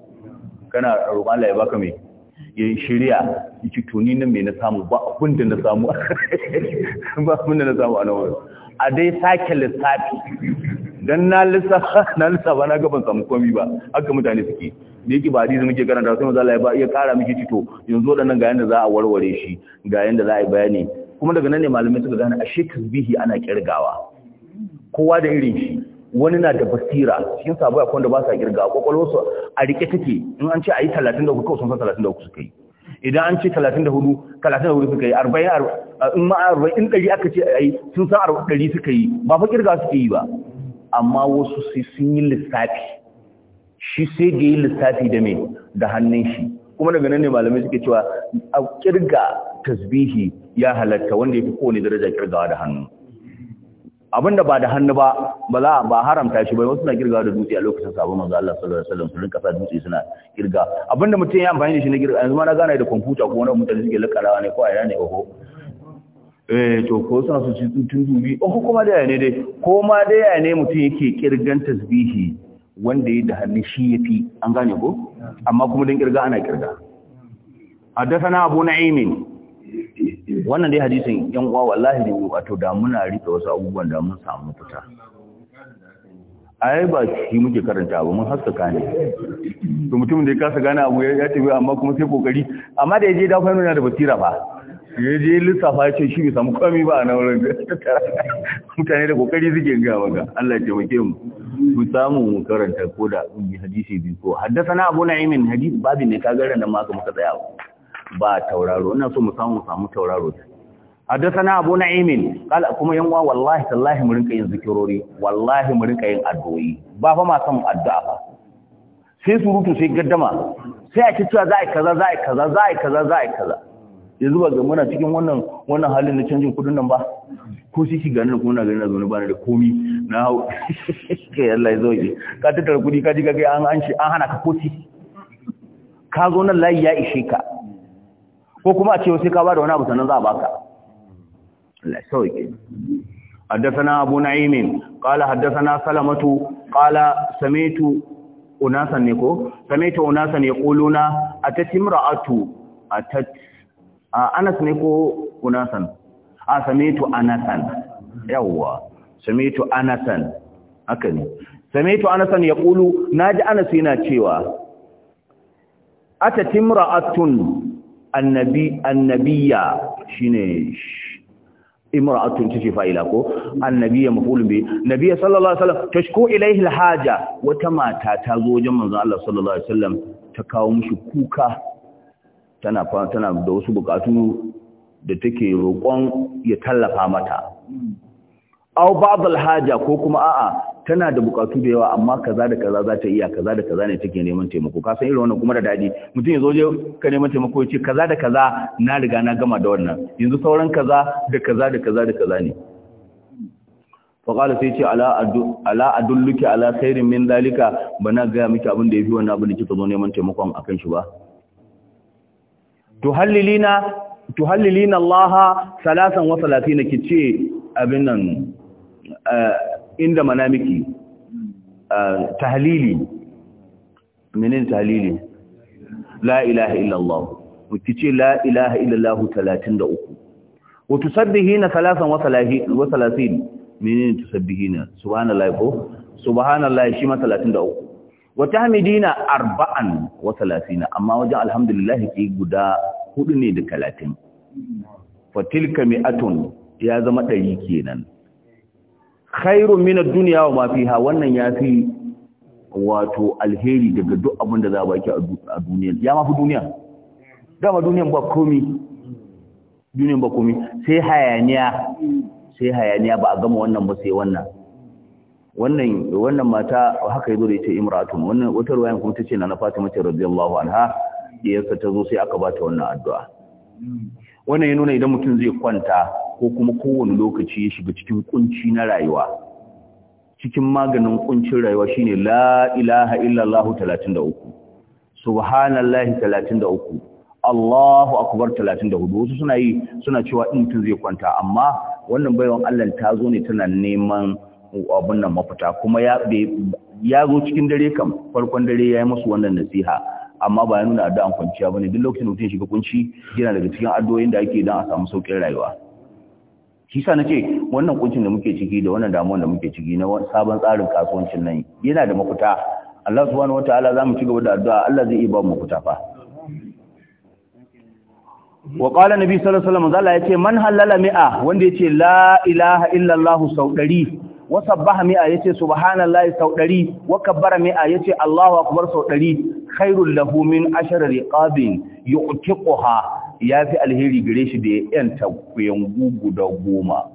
A: kana roƙon Allah ya baka mai ya shirya ki tuni nan me na samu ba abin da na samu ba abin da na samu a nan a dai sake lissafi dan na lissafa na lissafa na gaban samu komi ba haka mutane suke ne yake ba hadisi muke karanta sai maza Allah ya kara miki cito yanzu nan ga yanda za a warware shi ga yanda za a yi bayani kuma daga nan ne malamai suka gane ashe tasbihi ana kirgawa kowa da irin shi wani na da basira cikin sabo akwai wanda ba sa girga kwakwalwar su a rike take in an ce a yi 34 kawai sun san 34 suka yi idan an ce 34 34 suka yi 40 in ma 40 in 100 aka ce a yi sun san 100 suka yi ba fa girga suke yi ba amma wasu sai sun yi lissafi shi sai da yi lissafi da mai da hannun shi kuma daga nan ne malamai suke cewa a kirga tasbihi ya halatta wanda ya fi kowane daraja kirgawa da hannu abinda ba da hannu ba ba za ba haramta shi ba wasu na kirga da dutse a lokacin sabon manzo Allah sallallahu alaihi wasallam sun rinka sa dutse suna kirga abinda mutum ya amfani da shi na kirga yanzu ma na gane da kwamfuta ko wani mutane suke lakarawa ne ko a yana ne oho eh to ko suna su ci tun dubi oho kuma da ne dai ko ma da ne mutum yake kirgan tasbihi wanda ya da hannu shi yafi an gane ko amma kuma din kirga ana kirga حدثنا abu na'imin wannan dai hadisin yan uwa wallahi ne wato da muna rike wasu abubuwan da mun samu fita ai ba shi muke karanta ba mun haska kane to mutum da ya kasa gane abu ya tafi amma kuma sai kokari amma da yaje da fa na da basira ba yaje lissafa ya ce shi bai samu komai ba a nan wurin mutane da kokari suke ga maka Allah ya taimake mu mu samu mu karanta ko da hadisi biyu ko na abu na'imin hadisi babin ne ka ga ran ma ka muka tsaya ba tauraro ina so mu samu samu tauraro haddathana abu na'imin qala kuma yan uwa wallahi tallahi mu rinka yin zikirori wallahi mu rinka yin addu'o'i ba fa ma san addu'a ba sai surutu sai gaddama sai a ci cewa za a kaza za a kaza za a kaza za a kaza yanzu ba ga muna cikin wannan wannan halin na canjin kudin nan ba ko shi ki ganin kuma na ganin na zaune ba na da komi na hau kai Allah ya zo ki ka tattara kudi ka ji ka kai an an shi an hana ka koti ka zo nan layi ya ishe ka ko kuma a ce wasu kawo da wani abu sannan za a baka haddasana abu na'imin kala haddasana salamatu kala sametu unasan ne ko sametu unasan ya kuluna a tattimura a anas ne ko unasan a sametu anasan Yawa! sametu anasan haka ne sametu anasan ya kulu na ji anasu yana cewa a tattimura annabi annabiya shine imra'atun tace fa'ila ko annabiya maf'ulun bi nabiyya sallallahu alaihi wasallam tashku ilayhi alhaja wata mata ta zo wajen manzon Allah sallallahu alaihi wasallam ta kawo mishi kuka tana tana da wasu bukatu da take roƙon ya tallafa mata au ba'd haja ko kuma a'a tana da bukatu da yawa amma kaza da kaza za ta iya kaza da kaza ne take neman taimako ka san irin wannan kuma da dadi mutum ya zo je ka neman taimako ya ce kaza da kaza na riga na gama da wannan yanzu sauran kaza da kaza da kaza da kaza ne qala sai ce ala adulluki ala khairin min dalika ba na gaya miki abin da ya fi wani abin da kika zo neman taimakon a kan shi ba tuhallilina allaha salasan wa salatina ki ce abin nan inda manamiki tahlili menene tahlili la ilaha illallah mutice la ilaha illallah 33 wa tusabbihina 33 wa 30 menene tusabbihina subhanallahi ko subhanallahi shi ma 33 wa tahmidina 4 wa 30 amma wajen alhamdulillah ki guda hudu ne da 30 fatilka mi'atun ya zama ɗari kenan khairun min ad-dunya wa ma fiha wannan yafi wato alheri daga duk abin da za a baki a duniya ya mafi duniya dama duniyan ba komi duniyan ba komi sai hayaniya sai hayaniya ba a gama wannan ba sai wannan wannan wannan mata haka yazo da ita imratun wannan wata ruwayan kuma tace na na Fatima ce radiyallahu anha diyarsa ta zo sai aka bata wannan addu'a wannan ya nuna idan mutum zai kwanta ko kuma kowane lokaci ya shiga cikin kunci na rayuwa cikin maganin kuncin rayuwa shine la ilaha illallah 33 subhanallahi 33 Allahu akbar 34 wasu suna yi suna cewa in mutum zai kwanta amma wannan baiwan Allah ta zo ne tana neman abun nan mafita kuma ya ya zo cikin dare kam farkon dare ya yi musu wannan nasiha amma ba ya nuna addu'an kwanciya bane duk lokacin da mutum shiga kunci yana daga cikin addu'o'in da ake dan a samu saukin rayuwa shi sa ce, wannan kuncin da muke ciki da wannan damuwar da muke ciki na sabon tsarin kasuwancin nan yana da mafuta Allah subhanahu wataala mu ci gaba da addu'a Allah zai iya ba mu mafuta fa wa qala nabi sallallahu alaihi wasallam zalla yace man halala mi'a wanda yace la ilaha illallah sau 100 wa sabbaha mi'a yace subhanallahi sau 100 wa kabbara mi'a yace Allahu akbar sau 100 khairul lahu min ashara riqabin yu'tiquha yafi alheri gare shi da yan takuyan gugu da goma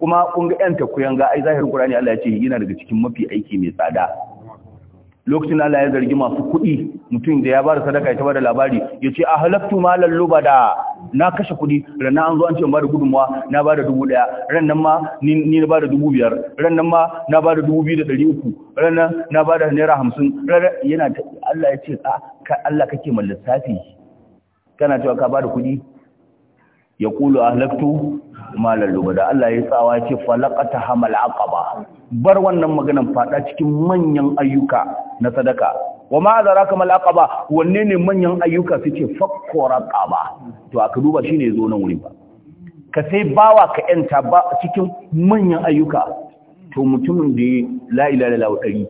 A: kuma kun ga yan takuyan ga ai zahirin Qur'ani Allah ya ce yana daga cikin mafi aiki mai tsada lokacin Allah ya zargi masu kuɗi mutum da ya ba da sadaka ya da labari ya ce a ah, halaktu malar da. na kashe kuɗi rannan an zo an ce ba da gudunmuwa na ba da dubu ɗaya rannan ma ni na da dubu biyar rannan ma na ba da dubu biyu da ɗari uku rannan na ba da naira hamsin yana Allah ya ce ah, Allah kake mallissafi kana cewa ka ba da kuɗi ya kulu ahlaktu malar lubada Allah ya tsawa ce falakata hamal aqaba bar wannan maganan fada cikin manyan ayyuka na sadaka wa ma zaraka mal aqaba wanne ne manyan ayyuka suke fakko ba to aka duba shine zo nan wuri ba ka sai bawa ka yanta ba cikin manyan ayyuka to mutumin da ya la ilaha illallah dari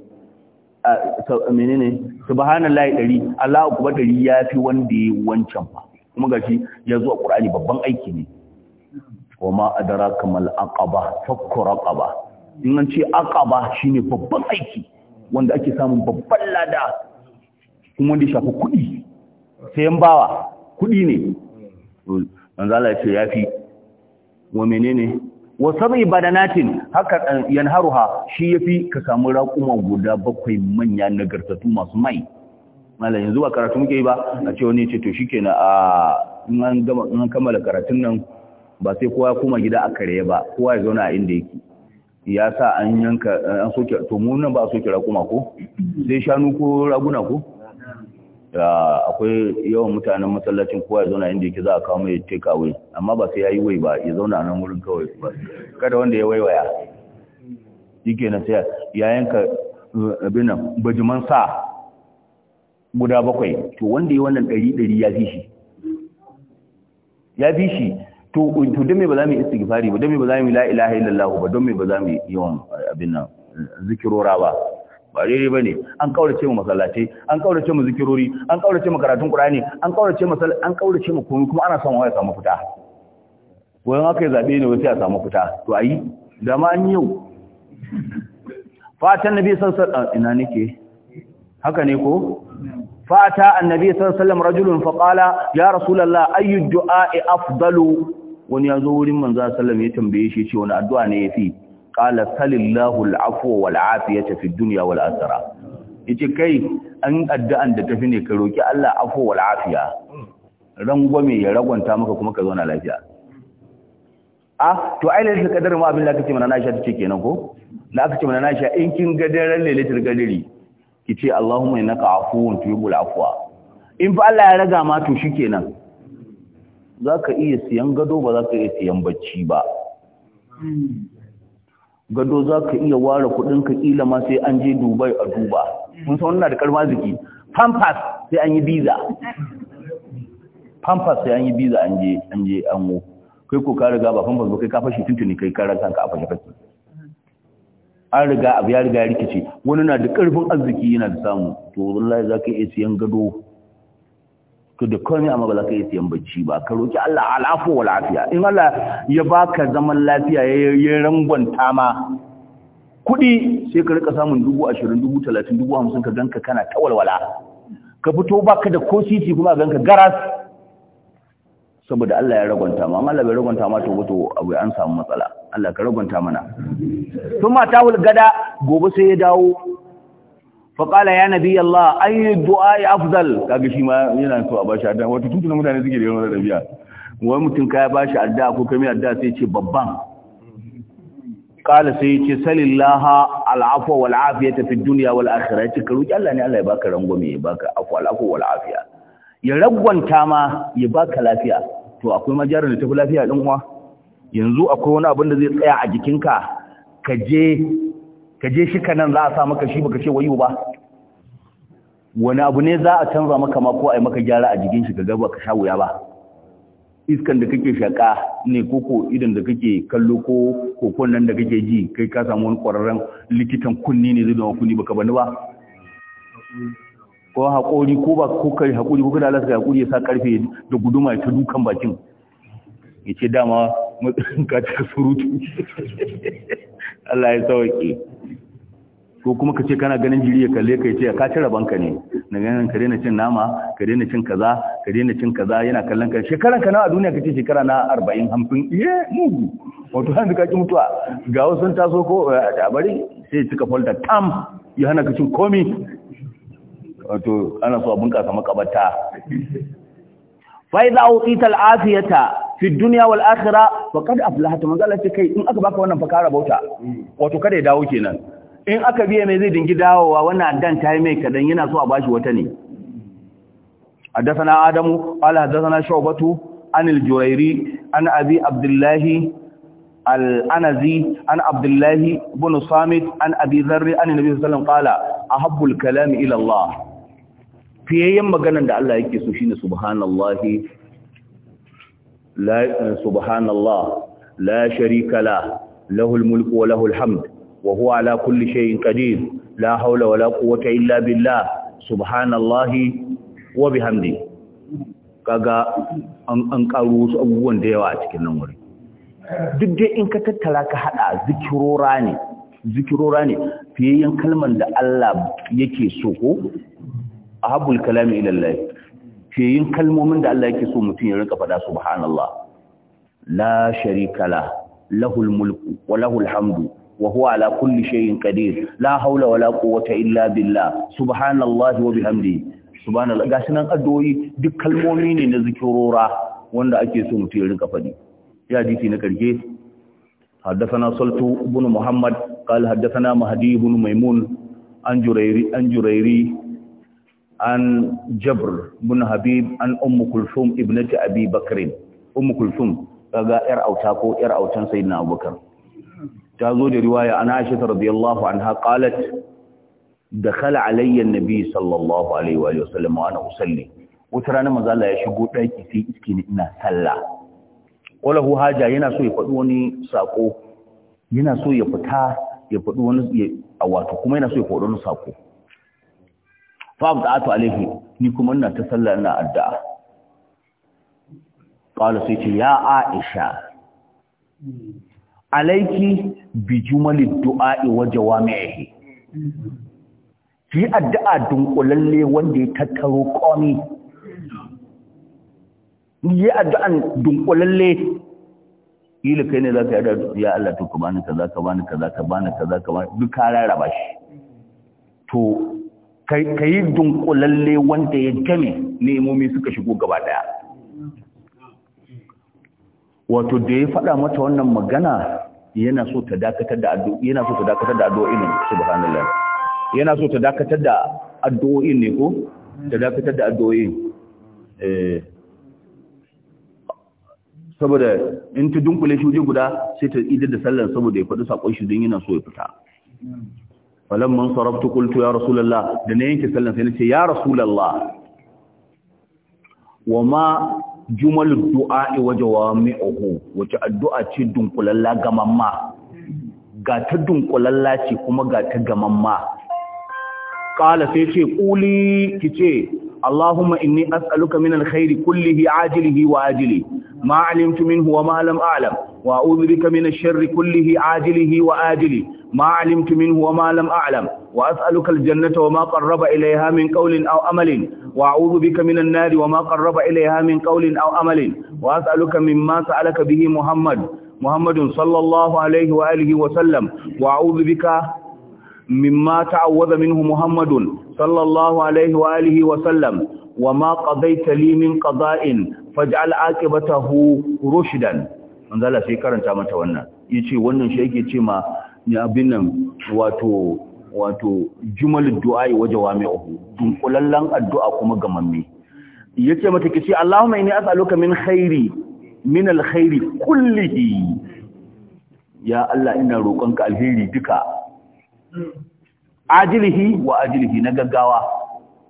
A: menene subhanallahi dari Allahu akbar dari yafi wanda ya wancan ba kuma gashi ya zuwa ƙur'ani babban aiki ne Kuma ma adara kamar aqaba fakkura raqaba in an ce aqaba shine babban aiki wanda ake samun babban lada kuma wanda ya shafi kuɗi sayan bawa kuɗi ne manzo Allah ya ce yafi wa menene wa sab'i badanatin haka eh, yanharuha shi yafi ka samu raƙuma guda bakwai manya nagartatu masu mai malam yanzu ba karatu muke yi ba a ce wani ce to shikenan a in an gama in an kammala karatun nan ba sai kowa ya koma gida a kare ba kowa ya zauna a inda yake ya sa an yanka an soke to mu nan ba a soke raƙuma ko sai shanu ko raguna ko akwai yawan mutanen masallacin kowa ya zauna inda yake za a kawo mai take away amma ba sai ya yi wai ba ya zauna nan wurin kawai ba kada wanda ya waiwaya yake na sai ya yanka eh, abin nan bajiman sa guda bakwai to wanda ya wannan ɗari ɗari ya fi shi ya fi shi to don me ba za mu yi istighfari ba don me ba za mu yi la ilaha ba don me ba za mu yi yawan abin nan zikirora ba ba daidai ba ne an kaurace mu masallatai an kaurace mu zikirori an kaurace mu karatun qur'ani an kaurace mu an kaurace mu komai kuma ana samu waya samu fita wayan aka yi zabe ne sai a samu fita to ayi da ma an yau fatan nabi sallallahu alaihi wasallam ina nake haka ne ko fata annabi sallallahu alaihi wasallam rajulun faqala ya rasulullah ayyu du'a afdalu wani yazo wurin manzo sallallahu alaihi wasallam ya tambaye shi ce wani addu'a ne yafi qala salillahu al'afwa wal afiyata fid dunya wal akhirah yace kai an addu'an da tafi ne ka roki Allah afwa wal afiya rangwame ya ragwanta maka kuma ka zauna lafiya ah to ai lailatul qadr mu abin da kace mana na sha tace kenan ko da aka mana na sha in kin ga daren lailatul qadri ki ce Allahumma innaka afuwun tuhibbul afwa in fa Allah ya raga ma to shikenan zaka iya siyan gado ba zaka iya siyan bacci ba gado zaka iya ware kudin ka kila ma sai an je Dubai a duba mun san wannan da karma ziki pampas sai an yi visa pampas sai an yi visa an je an je an kai ko ka riga ba pampas ba kai ka fashi tuntuni kai ka ranka ka fashe fashi an riga abu ya riga ya rikice wani na da ƙarfin arziki yana da samu to wallahi za ka iya siyan gado to da komai amma ba za ka iya siyan bacci ba ka roki Allah al'afu wa lafiya in Allah ya baka zaman lafiya ya rangwanta ma kuɗi sai ka rika samun dubu ashirin dubu talatin dubu hamsin ka ganka kana tawalwala ka fito baka da ko sisi kuma ganka garas saboda Allah ya ragonta ma Allah bai ragonta ma to wato abu an samu matsala Allah ka ragonta mana kuma tawul gada gobe sai ya dawo fa qala ya nabi Allah ayi du'a afdal kaga shi ma yana so a bashi adda wato tun mutane suke da yawan rabiya wani mutum ka ya bashi adda ko kai adda sai ce babban qala sai ya ce salillaha al'afwa wal afiyata fid dunya wal akhirah ka roki Allah ne Allah ya baka rangwame ya baka afwa al afwa wal afiya ya ragwanta ma ya baka lafiya to akwai majarin da tafi lafiya din uwa yanzu akwai wani abin da zai tsaya a jikinka ka je ka je shi kanan za a sa maka shi baka ce wayo ba wani abu ne za a canza maka ma ko a yi maka gyara a jikin shi ka ga baka sha wuya ba iskan da kake shaka ne koko idan da kake kallo ko kokon nan da kake ji kai ka samu wani kwararren likitan kunni ne zai zama kunni baka bani ba ko haƙori ko ba ko kai haƙori ko kada lasa haƙori ya sa karfe da guduma ta dukan bakin ya ce dama ka ta surutu Allah ya sauƙi ko kuma ka ce kana ganin jiri ya kalle ka ya ce ka cire banka ne na ganin ka daina cin nama ka daina cin kaza ka daina cin kaza yana kallon ka shekaran ka nawa a duniya kace shekara na arba'in hamsin? ye mugu wato hannu ka ki mutuwa ga wasu sun taso ko eh, a bari sai cika folder tam ya hana ka cin komi wato ana so a bunƙasa makabarta fa idza utita al'afiyata fi dunya wal akhirah faqad aflahta manzo Allah ce kai in aka baka wannan fakara bauta wato kada ya dawo kenan in aka biya mai zai dingi dawowa wannan dan tai mai kadan yana so a bashi wata ne حدثنا Adamu, قال حدثنا شعبة عن الجريري عن أبي abdullahi Al-Anazi, An-Abdullahi, الله بن an عن أبي ذر عن النبي صلى الله عليه وسلم fiyayyen maganan da Allah yake so shine subhanallahi subhanallah la sharika la lahul mulku wa lahul hamd wa huwa ala kulli shay'in qadir la hawla wa la quwwata illa billah subhanallahi wa bihamdi kaga an an karo wasu abubuwan da yawa a cikin nan wuri duk dai in ka tattara ka hada zikirora ne zikirora ne fiyayyen kalman da Allah yake so ko ahabbul kalami ilallai. Ke yin kalmomin da Allah yake so mutum ya rinka faɗa subhanallah la sharika la lahul mulku wa lahul hamdu wa huwa ala kulli shay'in qadir la hawla wala quwwata illa billah subhanallahi wa bihamdihi subhanallah gashi nan addu'o'i duk kalmomi ne na zikirora wanda ake so mutum ya rinka faɗi ya hadisi na karke حدثنا سلطو بن محمد قال حدثنا مهدي بن ميمون عن عن جريري An جبر bin Habib an أم كلثوم Ibnati أبي بكر أم كلثوم kaga yar auta ko yar autan sayyidina Abubakar ta zo da riwaya an Aisha radiyallahu anha qalat dakhala alayya an-nabi sallallahu alaihi wa sallam wa ana usalli wata rana manzo Allah ya shigo daki sai iske ni ina sallah walahu haja yana so ya faɗi wani sako yana so ya fita ya faɗi wani a wato kuma yana so ya faɗi wani sako da abda'atu alaihi ni kuma ina ta sallah ina addu'a qala sai ce ya aisha alaiki bi jumalid du'a'i wa jawami'ihi ki addu'a dunkulalle wanda ya tattaro komi yi addu'an dunkulalle kila kai ne za ka yi ya Allah to ka bani kaza ka bani ka za ka bani ka za ka bani duk ka raba shi to ka yi dunkulalle wanda ya game nemomi suka shigo gaba daya wato da ya faɗa mata wannan magana yana so ta dakatar da addu'o yana so ta dakatar da ne subhanallah yana so ta dakatar da addu'o'in ne ko ta dakatar da addu'o'in eh saboda in ta dunkule shi guda sai ta idar da sallar saboda ya faɗi sakon shi don yana so ya fita mun sarabtu qultu ya rasulullah da ne yanke sallan sai nace ya rasulullah wama jumalud du'a wa jawami'uhu wace addu'a ce dunkulalla gamamma ga ta dunkulalla ce kuma ga ta gamamma qala sai ce quli kice allahumma inni as'aluka min khairi kullihi ajilihi wa ajili ma alimtu minhu wa ma lam a'lam وأعوذ بك من الشر كله عاجله وآجله ما علمت منه وما لم أعلم وأسألك الجنة وما قرب إليها من قول أو أمل وأعوذ بك من النار وما قرب إليها من قول أو أمل وأسألك مما سألك به محمد محمد صلى الله عليه وآله وسلم وأعوذ بك مما تعوذ منه محمد صلى الله عليه وآله وسلم وما قضيت لي من قضاء فاجعل عاقبته رشدا manzala sai karanta mata wannan yace wannan shi yake ce ma ni abin nan wato wato jumalul du'a wa jawami'uhu dunkulallan addu'a kuma ga gamamme yace mata kici Allahumma inni as'aluka min khairi min alkhairi kullihi ya Allah ina roƙonka alheri duka ajilihi wa ajilihi na gaggawa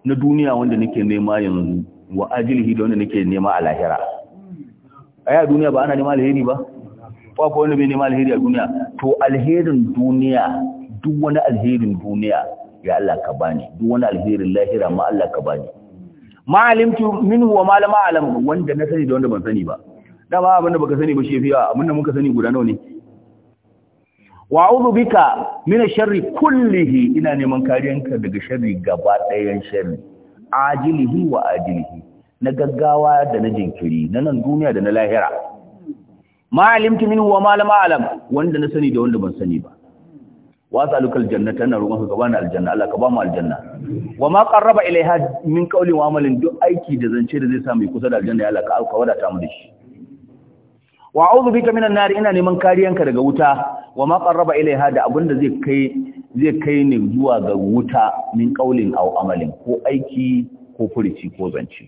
A: na duniya wanda nake nema yanzu wa ajilihi da wanda nake nema a lahira Aya a duniya ba ana neman alheri ba ba ko wanda bai neman alheri a duniya to alherin duniya duk wani alherin duniya ya Allah ka bani duk wani alherin lahira ma Allah ka bani ma alimtu minhu wa ma lam a'lam wanda na sani da wanda ban sani ba dama abinda baka sani ba shi fiya abinda muka sani guda nawa ne wa a'udhu bika min sharri kullihi ina neman kariyanka daga sharri gaba ɗayan sharri ajilihi wa ajilihi na gaggawa da na jinkiri na nan duniya da na lahira ma alimtu minhu wa ma lam alam wanda na sani da wanda ban sani ba wa salukal jannata na roƙon ka bani aljanna Allah ka ba mu aljanna wa ma qarraba ilaiha min qawlin wa amalin duk aiki da zance da zai sa mu kusa da aljanna ya Allah ka wadata mu da shi wa a'udhu bika minan nar ina neman kariyanka daga wuta wa ma qarraba ilaiha da abinda zai kai zai kai ni zuwa ga wuta min qawlin aw amalin ko aiki ko furici ko zance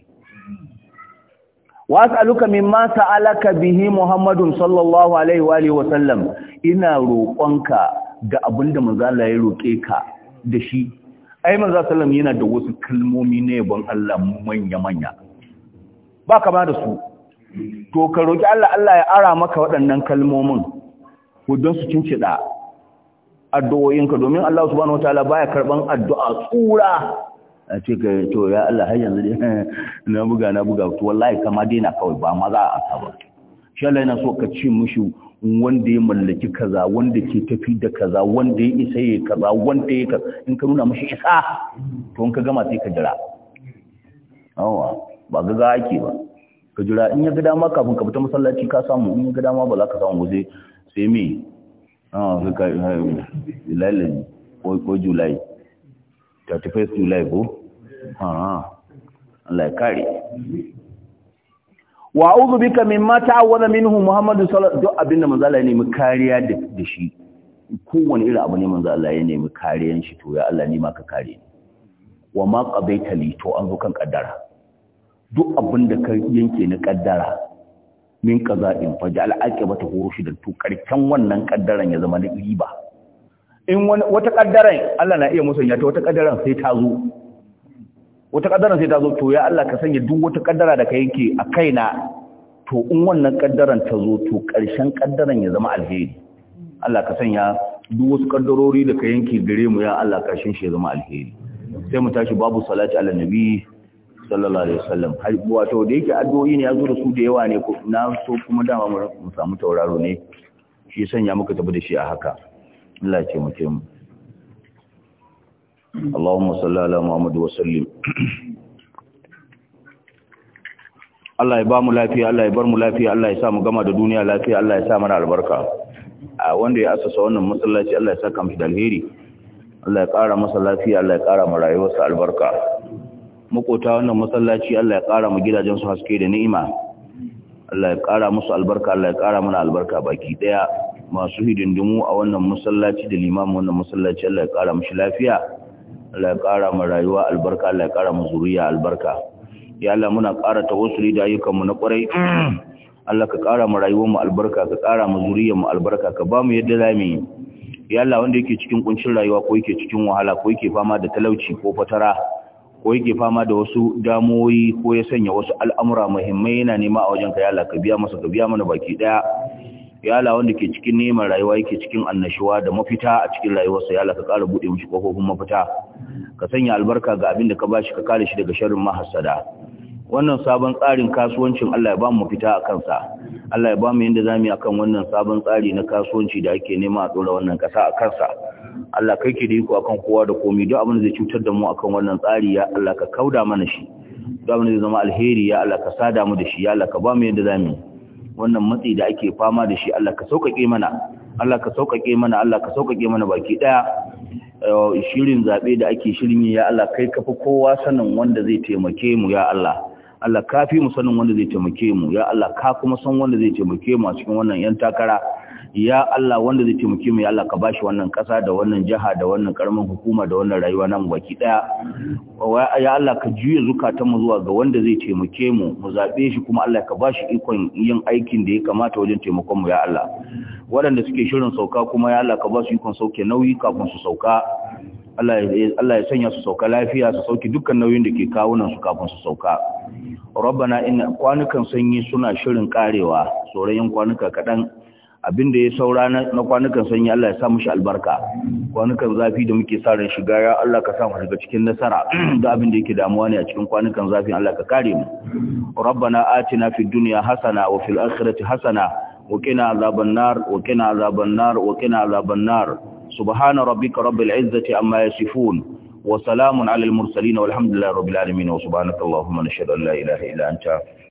A: wa as'aluka mimma sa'alaka bihi Muhammadun sallallahu alaihi wa alihi wa sallam ina roƙonka ga abinda manzo Allah ya roƙe ka da shi ai manzo sallam yana da wasu kalmomi na yabon Allah manya manya ba kama da su to ka roki Allah Allah ya ara maka waɗannan kalmomin ko don su cincida addu'o'inka domin Allah subhanahu wataala baya karban addu'a tsura a ce ka to ya Allah har yanzu na buga na buga to wallahi kama daina kawai ba ma za a saba shi Allah yana so ka ci mushi wanda ya mallaki kaza wanda ke tafi da kaza wanda ya isa ya kaza wanda ya kaza in ka nuna mushi isa to in ka gama sai ka jira awa ba ga ga ake ba ka jira in ya ga dama kafin ka fita masallaci ka samu in ya ga dama ba za ka samu sai sai me ah ka kai ko ko julai 31 July ko ha ah, Allah kare wa a'udhu bika min ma ta'awwada minhu Muhammadu sallallahu alaihi abinda manzo Allah ya nemi kariya da shi kowane irin abu ne manzo Allah ya nemi kariyan shi to ya Allah ni ma ka kare ni wa ma qabaita li to an zo kan kaddara duk abinda ka yanke na kaddara min qaza'in faj'al aqibata hurushi da to karkan wannan kaddaran ya zama riba in wata kaddaran Allah na iya musanya ta wata kaddaran sai ta zo wata kaddaran sai ta zo to ya Allah ka sanya duk wata kaddara da ka yanke a kaina to in wannan kaddaran ta zo to karshen kaddaran ya zama alheri Allah ka sanya duk wasu kaddarori da ka yanke gare mu ya Allah karshen shi ya zama alheri sai mu tashi babu salati ala nabi sallallahu alaihi wasallam har wato da yake addu'o'i ne yazo da su da yawa ne ko na so kuma dama mu samu tauraro ne shi sanya muka tabbata da shi a haka Allah ce muke mu Allahumma sallala ala Muhammad wa sallim Allah ya ba mu lafiya Allah ya bar mu lafiya Allah ya sa mu gama da duniya lafiya Allah ya sa mana albarka a wanda ya asasa wannan masallaci Allah ya saka mishi da alheri Allah ya ƙara masa lafiya Allah ya ƙara mu rayuwarsa albarka makota wannan masallaci Allah ya ƙara mu gidajen su haske da ni'ima Allah ya ƙara musu albarka Allah ya ƙara mana albarka baki daya masu hidindimu a wannan masallaci da limamu wannan musallaci Allah ya kara mashi lafiya Allah ya kara mu rayuwa albarka Allah ya kara mu zuriya albarka ya Allah muna kara tawassuli da ayyukan mu na kwarai Allah ka kara mu rayuwar mu albarka ka kara mu zuriyar mu albarka ka ba mu yadda zamu yi ya Allah wanda yake cikin kuncin rayuwa ko yake cikin wahala ko yake fama da talauci ko fatara ko yake fama da wasu damuwoyi ko ya sanya wasu al'amura muhimmai yana nema a wajen ka ya Allah ka biya masa ka biya mana baki daya ya Allah wanda ke cikin neman rayuwa yake cikin annashuwa da mafita a cikin rayuwarsa ya Allah ka ƙara buɗe mishi kofofin mafita ka sanya albarka ga abin da ka bashi ka kare shi daga sharrin mahassada wannan sabon tsarin kasuwancin Allah ya ba mu mafita a kansa Allah ya ba mu yanda zamu yi akan wannan sabon tsari na kasuwanci da ake nema a tsora wannan kasa a kansa Allah kai ke da iko akan kowa da komai duk abin da zai cutar da mu akan wannan tsari ya Allah ka kauda mana shi duk abin da zai zama alheri ya Allah ka sada mu da shi ya Allah ka ba mu yanda zamu yi wannan matsi da ake fama da shi Allah ka sauƙaƙe mana Allah ka sauƙaƙe mana Allah ka sauƙaƙe mana baki ɗaya eh, shirin zaɓe da ake shirin ya Allah kai kafa kowa sanin wanda zai taimake mu ya Allah Allah ka fi mu sanin wanda zai taimake mu ya Allah ka kuma san wanda zai taimake mu a cikin wannan yan takara ya Allah wanda zai taimake mu ya Allah ka bashi wannan kasa da wannan jaha da wannan karamin hukuma da wannan rayuwa nan baki daya ya Allah ka juye zukatan mu zuwa ga wanda zai taimake mu mu zabe shi kuma Allah ka bashi ikon yin aikin da ya kamata wajen taimakon mu ya Allah waɗanda suke shirin sauka kuma ya Allah ka basu ikon sauke nauyi kafin su sauka Allah ya sanya su sauka lafiya su sauki dukkan nauyin da ke kawunan su kafin su sauka rabbana inna kwanukan sanyi suna shirin karewa sorayen kwanuka kaɗan. abin da ya saura na kwanukan sanyi Allah ya sa mushi albarka kwanukan zafi da muke sa ran shiga ya Allah ka sa mu daga cikin nasara da abin da yake damuwa ne a cikin kwanukan zafi, Allah ka kare mu rabbana atina fid dunya hasana wa fil akhirati hasana wa qina azaban nar wa qina azaban nar wa qina azaban nar subhana rabbika rabbil izzati amma yasifun wa salamun alal mursalin walhamdulillahi rabbil alamin wa subhanakallahumma nashhadu an la ilaha illa anta